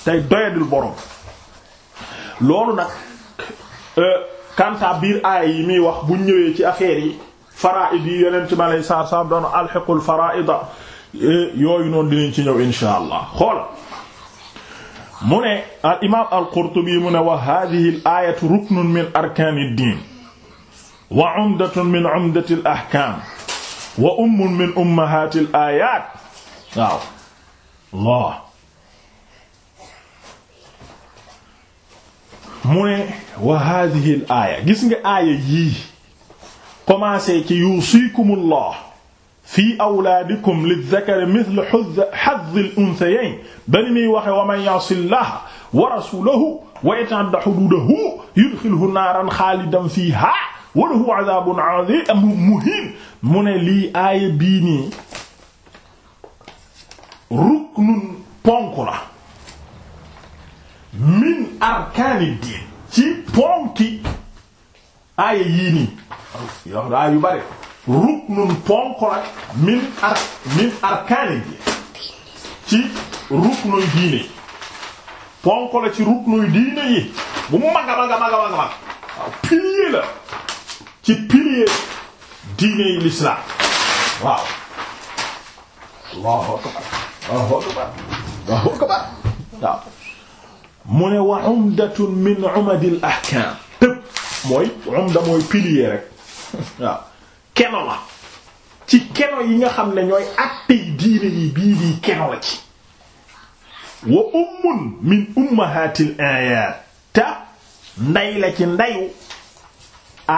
tey doyadul borom loolu nag kanta euh, biir aay yi muy wax bu ñëwee ci affaire yi faraid yi yeneen ci ma lay saar saar doon alxiqul faraida euh, yooyu noonu dinañ ci ñëw insha allah xoola mu ne al imaam al qurtubi mu ne wa hadhihi al ayatu ruknun min arkaani diin wa umdatun min umdati al ahkaam wa ummun min ummahaati al ayaat waaw mu ne wa hadhihi al aaya gis nga aaya yii commencé ci yuusikumullah fii awlaadikum lilzakari mithlu hadhi al unthayayn bani muy waxe wa man ya'si llaha wa rasulahu wa yata'adda hududahu yudkhilhu naaran xaalidan fiiha wa lahu adhabun adhim muhin mu ne lii aaya bii nii ruknun ponk la min arkaani diin ci ponki aaya yii nii yox daa yu bari ruknun ponk la min ar min arkaani diin ci ruknuy diine yi ponk la ci ruknuy diine yi bu mag a mag a mag a mag mag waaw ci pilier diine yi l'islam waaw mu ne wa umdatun min umadil ahkaam tëb mooy umda mooy pilier rek keno la ci keno yi nga xam ne ñooy àttey diine yi bii di keno la ci wa ummun min ummahatil aayaat ndey la ci ndeyu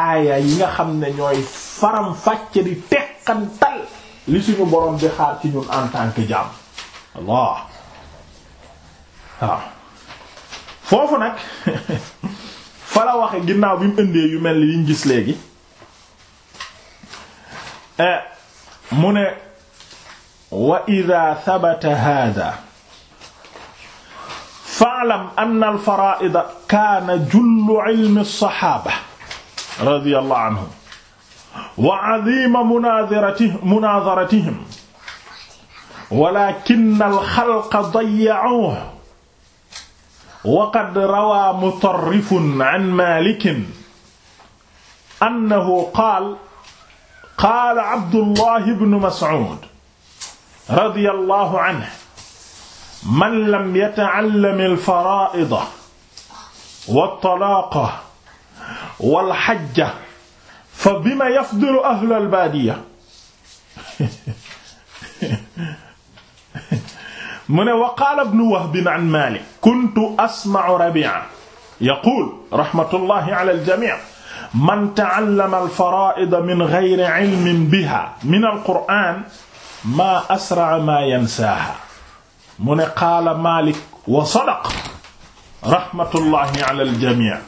aaya yi nga xam ne ñooy faram fàcce di teqantal li suñu borom di xaar ci ñun en tant que foofu nag fa la waxe ginnaaw bi mu indee yu mel ni liñ gis léegi eh, mu ne wa ida sabata hada faalam ann alfaraida kaana jullu ilmi lsaxaaba radiyallahu anhum wa adima munadiratihim munadaratihim walakin alxalqa dayya'uuhu waqad rawaa mutarrifun an malikin annahu qaal qaala abdullahi bnu mas'ud radiyallahu anhu man lam yata'allam al-faraa'ida wat-talaaqa wal-hajja fa bima yafdilu ahla al-baadiya mu ne wa qaala ibnu Wahb an Maalik kuntu asma'u Rabi'a yaquul rahmatullahi ala al-jamii' man ta'allama al-faraa'id min ghayri 'ilmin bihaa min al-qur'aan maa asra'a maa yansaahaa mu ne qaala Maalik wa sadaqa rahmatullahi ala al-jamii'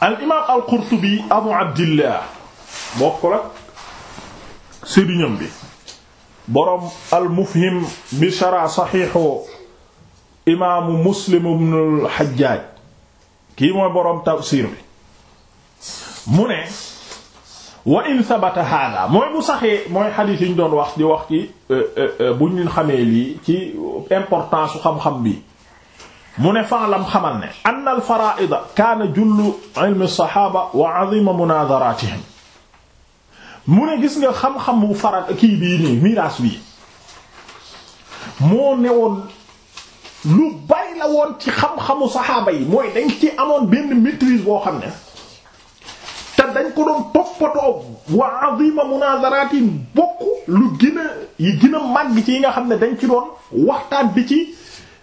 al-imaam al-Qurtubi Abu Abdillah bokkul ak sëriñam bi boroom al-Mufhim bi shara saxiixu imaamu Muslim ibnul Hajjaaj kii mooy boroom tafsiir bi mu ne wa in sabata hada mooy bu saxee mooy xadiis yi ñu doon wax di wax ci euh, euh, euh, bu ñu xamee lii ci importance su xam-xam bi mu ne faalam xamal ne anna al-faraa'ida kaana jullu ilmi as-saxaaba wa azima munaadaratihim mu ne gis nga xam-xamu faral kii bii nii miraas bii moo newoon lu bari la woon ci xam-xamu saxaaba yi mooy dañ ci amoon benn maîtrise boo xam ne te dañ ko doon toppatoo wa azima munazaratin bokk lu gën yi gën màgg ci yi nga xam ne dañ ci doon waxtaan bi ci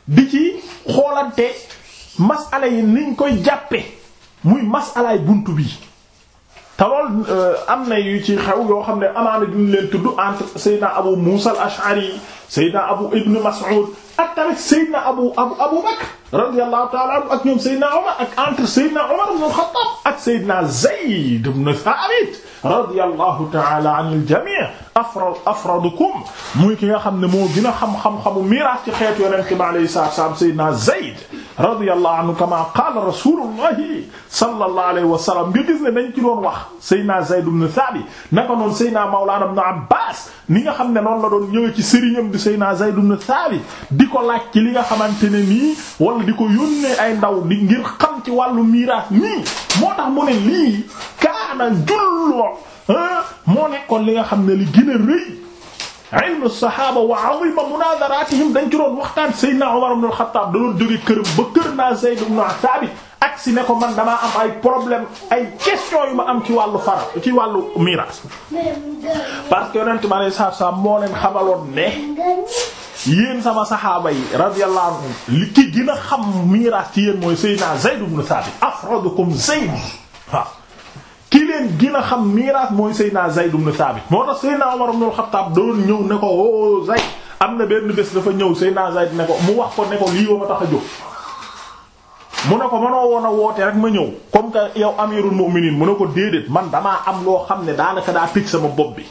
di ci xoolante masala yi niñ koy jàppe muy masalaay bunt bi te lool euh, am na yu ci xew yoo xam ne amaana duñ leen tudd entre Seydina Abu Musa al-Ash'ari Seydina Abu Ibn Mas'ud ak tamit Seydina Abu Abu Abu Bakr radiyallahu ta'ala anhu ak ñoom Seydina Omar ak entre Seydina Omar ibn al-Khattab ak Seydina Zayd ibn Thabit radiyallahu ta'ala anil jami' afra afradukum muy ki nga xam ne moo gën a xam-xam-xamu miraas ci xeet yonente bi alayhi salaatu wasalaam sayyidina Zayd radiyallahu anhu kama qaala rasulullahi sallallahu alayhi wa sallam nga gis ne dañ ci doon wax sayyidina Zayd ibn Thabit naka noonu sayyidina Mawlana ibn Abbas ni nga xam ne noonu la doon ñëwee ci sëriñam di sayyidina Zayd ibn Thabit di ko laaj ci li nga xamante ne nii wala di ko yónnee ay ndaw di ngir xam ci wàllu miraas nii moo tax mu ne lii kaana jullu moo nekkoon li nga xam ne li gën a rëy ilmu saxaaba wa azima munazaraatihim dañ ci doon waxtaan Seydina Omar ibn al-Khattab da doon jóge këram ba kër naa Zayd ibn Thabit ak si ne ko man damaa am ay problème ay question yu ma am ci wàllu fara ci wàllu miraas parce que yonent ma lay saab saab moo leen xamaloon ne yéen sama saxaaba yi radiyallahu anhum li ki gën a xam miraas ci yéen mooy Seydina Zayd ibn Thabit afradukum Zayd waaw gën a xam miraas mooy Seydina Zayd ibn Thabit moo tax Seydina Umar ibn al-Khattab doon ñëw ne ko o Zayd am na benn bés dafa ñëw Seydina Zayd ne ko mu wax ko ne ko lii wa ma tax a jóg mu ne ko mënoo woon woote rek ma ñëw comme que yow amirul mu'minin mu ne ko déedéet man damaa am loo xam ne daanaka daa tëj sama bopp bi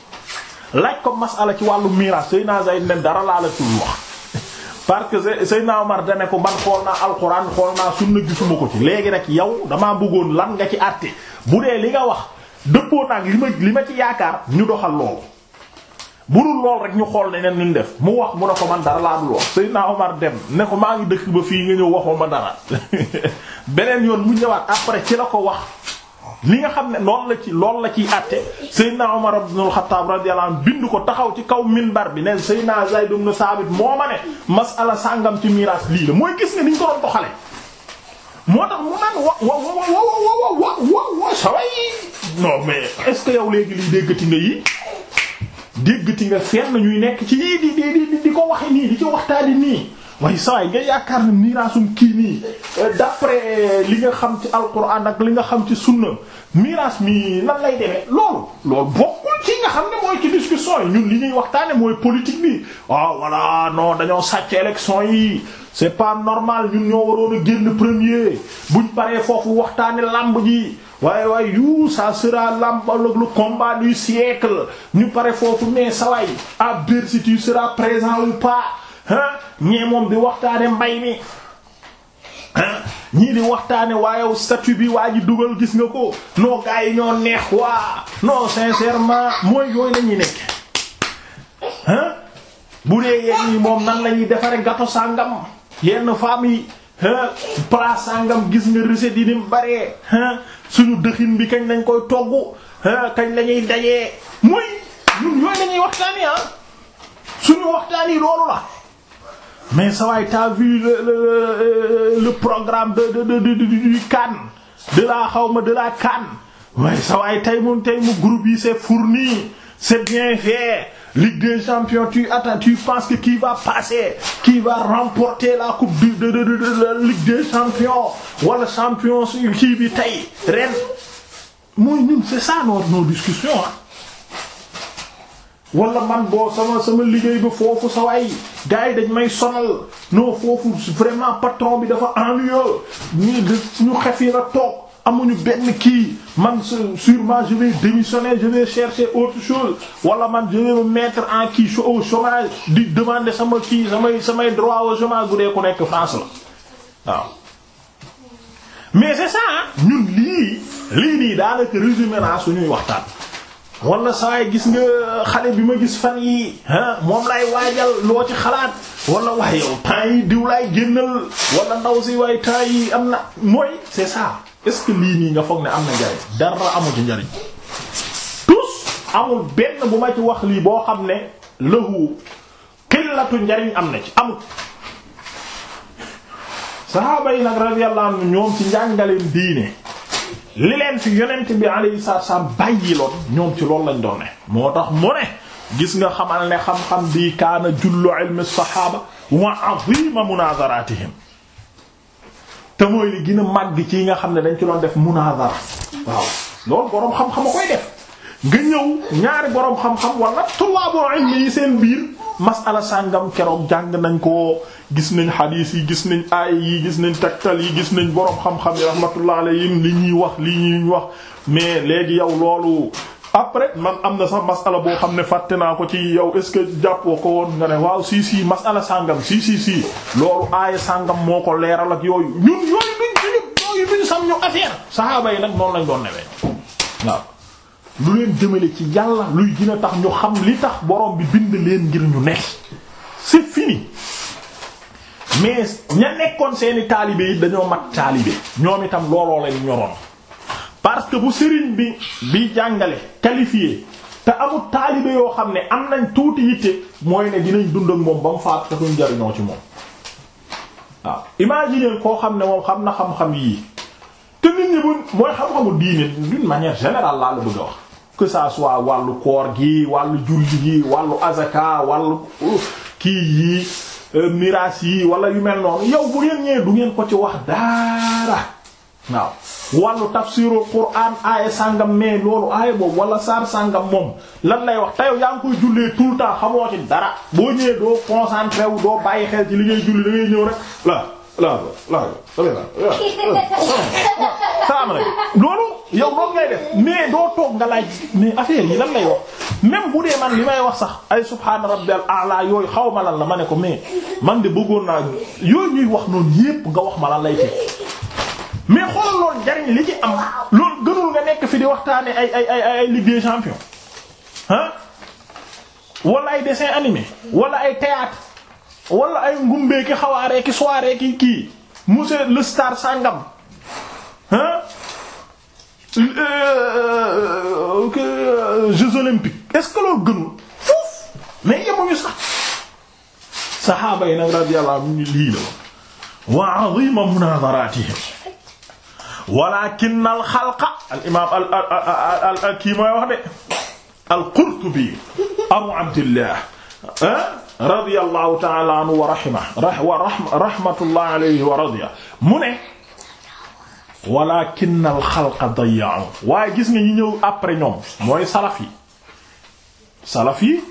laaj ko masala ci wàllu miraas Seydina Zayd ne dara laa la tul wax parce que Seydina Omar da ko man xool naa alxuraan xool naa ko léegi rek yow damaa bëggoon lan nga ci àtte bu dee li nga wax dëppoo naag li ma li ma ci yaakaar ñu doxal loolu bu dul lool rek ñu xool ne neen ñu def mu wax mu ne ko man dara laa dul wax Seydina Omar dem ne ko maa ngi dëkk ba fii nga ñëw waxoo ma dara beneen yoon mu ñëwaat après ci la ko wax li nga xam ne loolu la ci lool la ciy àtte Seydina Omar ibn al-Khattab radiyallahu anhu bind ko taxaw ci kaw minbar bi ne Seydina Zayd ibn Sabit moo ma ne masala sàngam ci miraas lii la mooy gis nga niñ ko doon doxale moo tax mu naan wa wa wa wa wa wa wa saway non mais est-ce que yow léegi li déggati nga yi déggati nga fenn ñuy nekk ci lii di di di di ko waxe nii di ci waxtaani nii waaye saway nga yaakaar ne miraasum kii nii d'après li nga xam ci alquran ak li nga xam ci sunna miraas mi lan lay demee loolu loolu bokkul ci nga xam ne mooy ci discussion yi ñun li ñuy waxtaane mooy politique bi ah voilà non dañoo sàcc élection yi c'est pas normal ñun ñoo waroon génn premier buñ paree foofu waxtaane lamb ji waaye waaye yu ça làmp lamb le combat du siècle ñu pare foofu mais saway à Bercy tu seras présent ou pas ñee moom di waxtaane mbay mi ñii di waxtaane waayow statut bi waa ji dugal gis nga ko non gars yi ñoo neex waa non sincèrement mooy yooyu la ñuy nekk bu dee yéen ñi moom nan la ñuy defare gato sàngam yenn famille place sangam gis nga recette yi ni mu baree suñu dëxin bi kañ lañ koy togg kañ la ñuy dajee muy ñun yooyu lañuy waxtaani ah suñu waxtaan loolu la mais ça va vu le le le programme de de de de du CAN de la xawma de la CAN waaye ça va tey moom yi c'est fourni c'est bien fait Ligue des champions tu attends tu penses que qui va passer qui va remporter la coupe du de de de de Ligue des champions wala champion kii bi tey ren mooy ñun c'est ça notre nos discussions ah. wala man boo sama sama liggéey bi foofu sa waay gars dañ may sonal non foofu vraiment patron bi dafa ennuyeux ñu ñu xef yi la toog. amuñu benn kii man sûrement je vais démissionner je vais chercher autre chose wala man je vais me en kii au chômage di demander sama kii samay samay droit au chômage bu dee ku nekk France la waaw mais c'est ça ñun lii lii nii daanaka résumé naa suñuy waxtaan wala saay gis nga xale bi ma gis fan yi ah moom lay waajal loo ci xalaat walla waaye yow yi diw laay génnal wala ndaw si waay temps yi am na mooy c'est ça est-ce que lii nii nga foog ne am na njariñ dara amu ci njariñ amul benn bu ma ci wax lii boo xam ne lahu xillatu njariñ am na ci amul saxaaba yi nag radiyallahu anhu ñoom ci njàngaleen diine li leen fi yonent bi alayhi salaatu ñoom ci loolu lañ doon ne moo tax mu ne gis nga xamal ne xam-xam bi kaana jullu ilmi saxaaba wa azima munazaraatihim te mooy li gën a màgg ci yi nga xam ne dañ ci doon def mu waaw loolu boroom xam-xam a koy def nga ñëw ñaari boroom xam-xam wala tullaabu ilmi yi seen biir masala sàngam keroog jàng nañ ko gis nañ xadiis yi gis nañ aay yi gis nañ tegtal yi gis nañ boroom xam-xam yi rahmatullah alayhim li ñuy wax li wax mais léegi yow loolu après man am na sax masala boo xam ne fàtte naa ko ci yow est-ce ko woon nga ne waaw si si masala sàngam si si si loolu aaya sàngam moo ko leeral ak yooyu ñun yooyu duñ yi nag noonu lañ doon ci yàlla luy tax ñu xam li tax borom bi bind leen ngir ñu nekk c'est mais ña nekkoon seeni taalibe yi dañoo mat taalibe ñoom itam looloo leen ñoroon parce que bu sëriñ bi bi jàngale qualifié te amul taalibe yoo xam ne am nañ tuuti yitte mooy ne dinañ dund ak moom ba mu faatu te duñ jariñoo ci moom waaw imagine koo xam ne moom xam na xam-xam yii te nit ñi buñ mooy xam-xamu diine d'une manière générale laa la bëgg a wax que ça soit wàllu koor gi wàllu julli gi wàllu azaka wàllu kii yi euh, miraas yi wala yu mel noonu yow bu ngeen ñëwee du ngeen ko ci wax dara waaw wàllu tafsiru Qur'an aaya sàngam mais loolu aaya boobu wala saar sàngam moom lan lay wax te yow yaa ngi koy jullee tout le temps xamoo ci dara boo ñëwee doo concentré wu doo bàyyi xel ci li ngay julli da ngay ñëw rek la la la la saam rek loolu yow loolu ngay def mais doo toog nga laaj mais affaire yi lan lay wax même bu dee man li may wax sax ay subhaana rabbiyal a'la yooyu xaw ma lan la ma ne ko mais man de bëggoon naa yooyu ñuy wax noonu yépp nga wax ma lan lay teg mais xoolal loolu njariñ li ci am loolu gënul nekk fi di waxtaane ay ay ay ay Ligue ay dessin animé wala ay théâtre wala ay ngumbee ki xawaaree ki soirée ki kii monsieur le star sangam ah Jeux olympiques est-ce que loolu gënul foof mais yemuñu sax saxaaba yi nag radiyallahu anhum lii la wa azima munadaratihim walakin al xalqa al imaam al al al kii mooy wax de al qurtubi abu abdillah ah, radiyallahu ta'ala anhu wa rahimahu wa rahmatullahi alayhi wa radiya mu ne walakin al xalqa dayya'u waaye gis nga ñi ñëw après ñoom mooy salaf yi salaf yi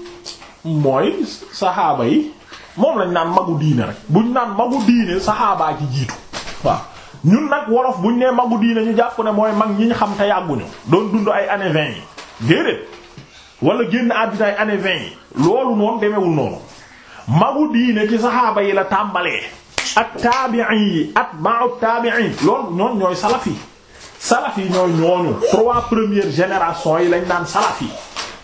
mooy saxaaba yi moom lañ naan magu diine rek buñ naan magu diine saxaabaa ci jiitu waaw ñun nag wolof ñu nee magu diine ñu jàpp ne mooy mag ñi ñu xam te yàgguñu doon dund ay années vingt yi déedéet wala génn àddina ay années vingt yi loolu noonu demewul noonu magu diine ci saxaaba yi la tàmbalee ak taabi'in yi atba'u taabi'in loolu ñoon ñooy salaf yi salaf yi ñooy ñooñu trois premières générations yi lañ naan salaf yi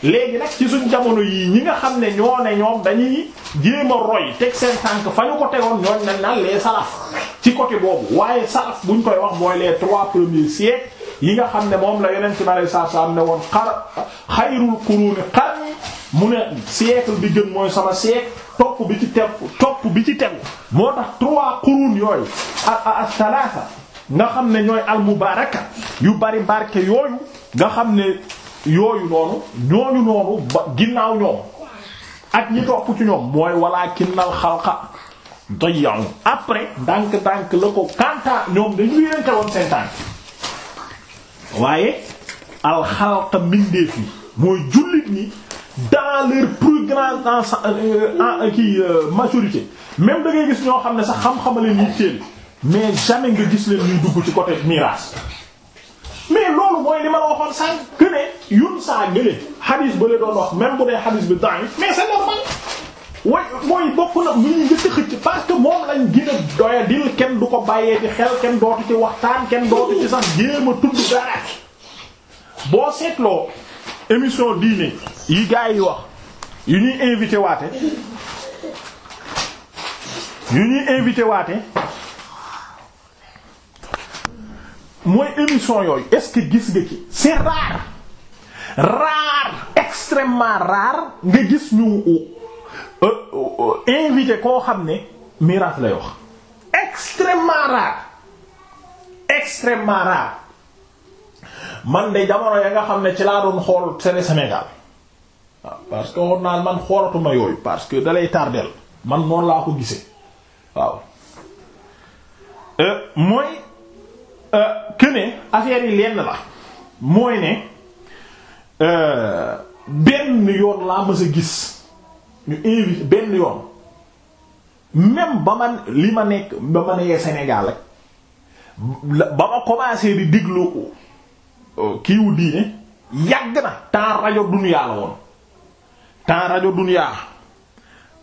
léegi nag ci suñ jamono yii ñi nga xam ne ñoo ne ñoom dañuy jéem a roy teg seen tànk fa ñu ko tegoon ñooñ nañ naan les salaf ci côté boobu waaye salaf buñ koy wax mooy les trois premiers siècles yi nga xam ne moom la yeneen ci ma lay saabsaab ne woon xar xayrul quruni qarni mu ne siècle bi gën mooy sama siècle topp bi ci tegu topp bi ci tegu moo tax trois qurun yooyu ak ak salaasa nga xam ne ñooy al mubaraka yu bari barke yooyu nga xam ne. yooyu noonu ñooñu noonu ba ginnaaw ñoom ak ñi topp ci ñoom mooy walaakinnal xalqa dayyahu après ndànk-ndànk la ko kanta ñoom dañu yénte woon seen tànk waaye alxalqa mbindeef yi mooy jullit ñi dans leur plus grande euh, en kii euh, majorité même da ngay gis ñoo xam ne sax xam-xamale ñuy téel mais jamais nga gis leen ñuy dugg ci côté miraas mais loolu mooy li ma waxoon sànq que ne yun saa gële xadis ba la doon wax même bu dee xadis bi daan mais c'est normal way mooy bokk na mu ñu njëkk xëcc parce que moom lañ gën a doya kenn du ko bàyyee di xel kenn dootu ci waxtaan kenn dootu ci sax jéem a tudd dara boo seetloo émission diine yi gars yi wax yu ñuy invité waate yu ñuy invité waate mooy émission yooyu est-ce que gis nga ci c'est rare rare extrêmement rare nga gis ñu euh, euh, invité koo xam ne miraas lay wax extrêmement rare extrêmement rare man de jamono ya nga xam ne ci laa doon xool Télé Sénégal ah, parce que woon man xoolatuma yooyu parce que dalay tardel man noonu laa ko gisee waaw euh, mooy këne euh, affaire yi lenn la mooy ne euh, benn yoon laa mës a gis ñu invité benn yoon même ba man li ma nekk ba ma nee Sénégal rek ba ma commencé di diglu euh, kiiwu diine yàgg na temps rajo Dunya la woon temps rajo Dunya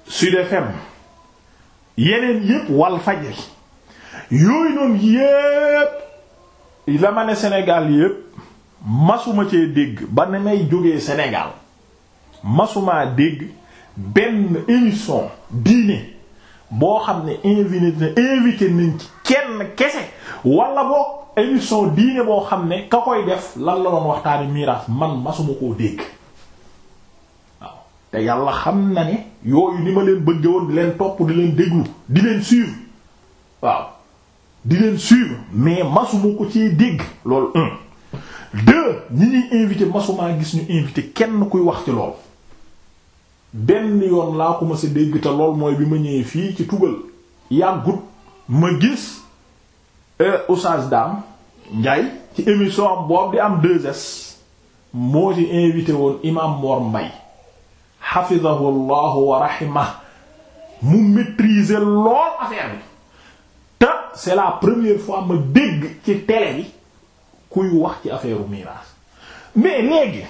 Sud FM yeneen yépp Walfadjri yooyu noonu yépp la ma ne Sénégal yépp masuma cee dégg ba ne may jógee Sénégal masuma dégg benn émission diine boo xam ne invité invité nañ ci kenn kese wala boo émission diine boo xam ne ka koy def lan la doon waxtaani miraas man masuma koo dégg waaw te yàlla xam na ne yooyu ni ma leen bëgg leen topp di leen déglu di leen suivre waaw di leen suivre mais masuma ko ci dégg loolu un deux ñi ñuy invité masumaa gis ñu invité kenn kuy wax ci lool benn yoon laa ko ma sa dégg te lool mooy bi ma ñëwee fii ci tugal yàggut ma gis euh, Oustaz Dame ci émission am di am 2S moo ci invité woon imam Mor Mbaye xafidahu llahu wa rahima mu maîtriser lool affaire bi c'est la première fois ma dégg ci télé bi kuy wax ci affaire miraas mais léegi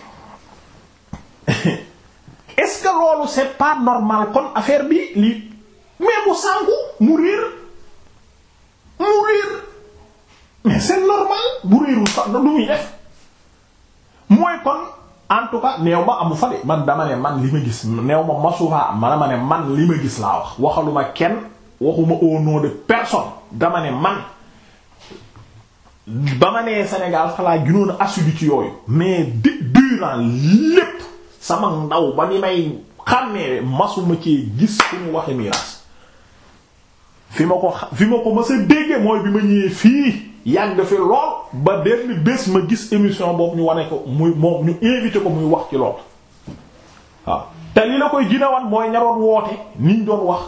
est loolu c'est pas normal kon affaire bi lii mais mu sànku mu réer mu réer mais c'est normal bu réerul sax du muy def mooy kon en tout cas neew ma amu fa man dama ne man li ma gis neew ma masuwaa am ma ne man li ma gis laa wax waxaluma kenn waxuma au nom de personne dama ne man ba ma nee Sénégal xalaa junoon assidu ci yooyu mais di durant lépp sama ndaw ba ni may xàmmee masuma ci gis fu mu waxe miraas fi ma ko fi ma ko mës a dégge mooy bi ma ñëwee fii yàgg fi lool ba benn bés ma gis émission boobu ñu wane ko muy moom ñu invité ko muy wax ci lool waaw te li la koy ginawan mooy ñaroon woote niñ doon wax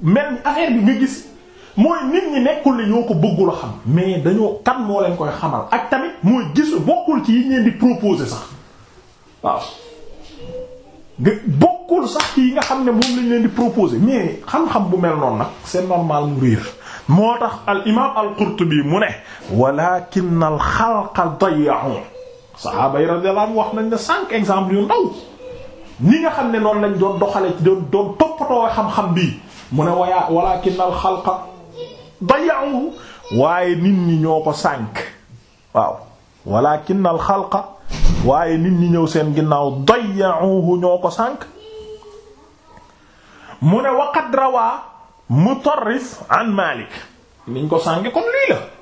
mel affaire bi nga gis mooy nit ñi nekkul ne yoo ko bëggul xam mais dañoo kan moo leen koy xamal ak tamit mooy gisu bokkul ci yi di proposer sax waaw nga xam ne moom lañ leen di proposer mais xam-xam bu mel noonu nag seen normal mu riir moo tax al imam al Qurtubi mu ne walakin al xalqa dayya'u sahaaba yi radiyallahu wax nañ ne cinq exemples yu ndaw nga xam ne noonu lañ doon doxale ci toppatoo xam-xam bii mu ne wayaa walakin al xalqa dayaahu waaye nit ñi ñoo ko sànk waaw walakin al xalqa waaye nit ñi ñëw seen ginnaaw dayaahu ñoo ko sànk mu ne waqad rawaa mutarrif an Maalik niñ ko sànk comme lii la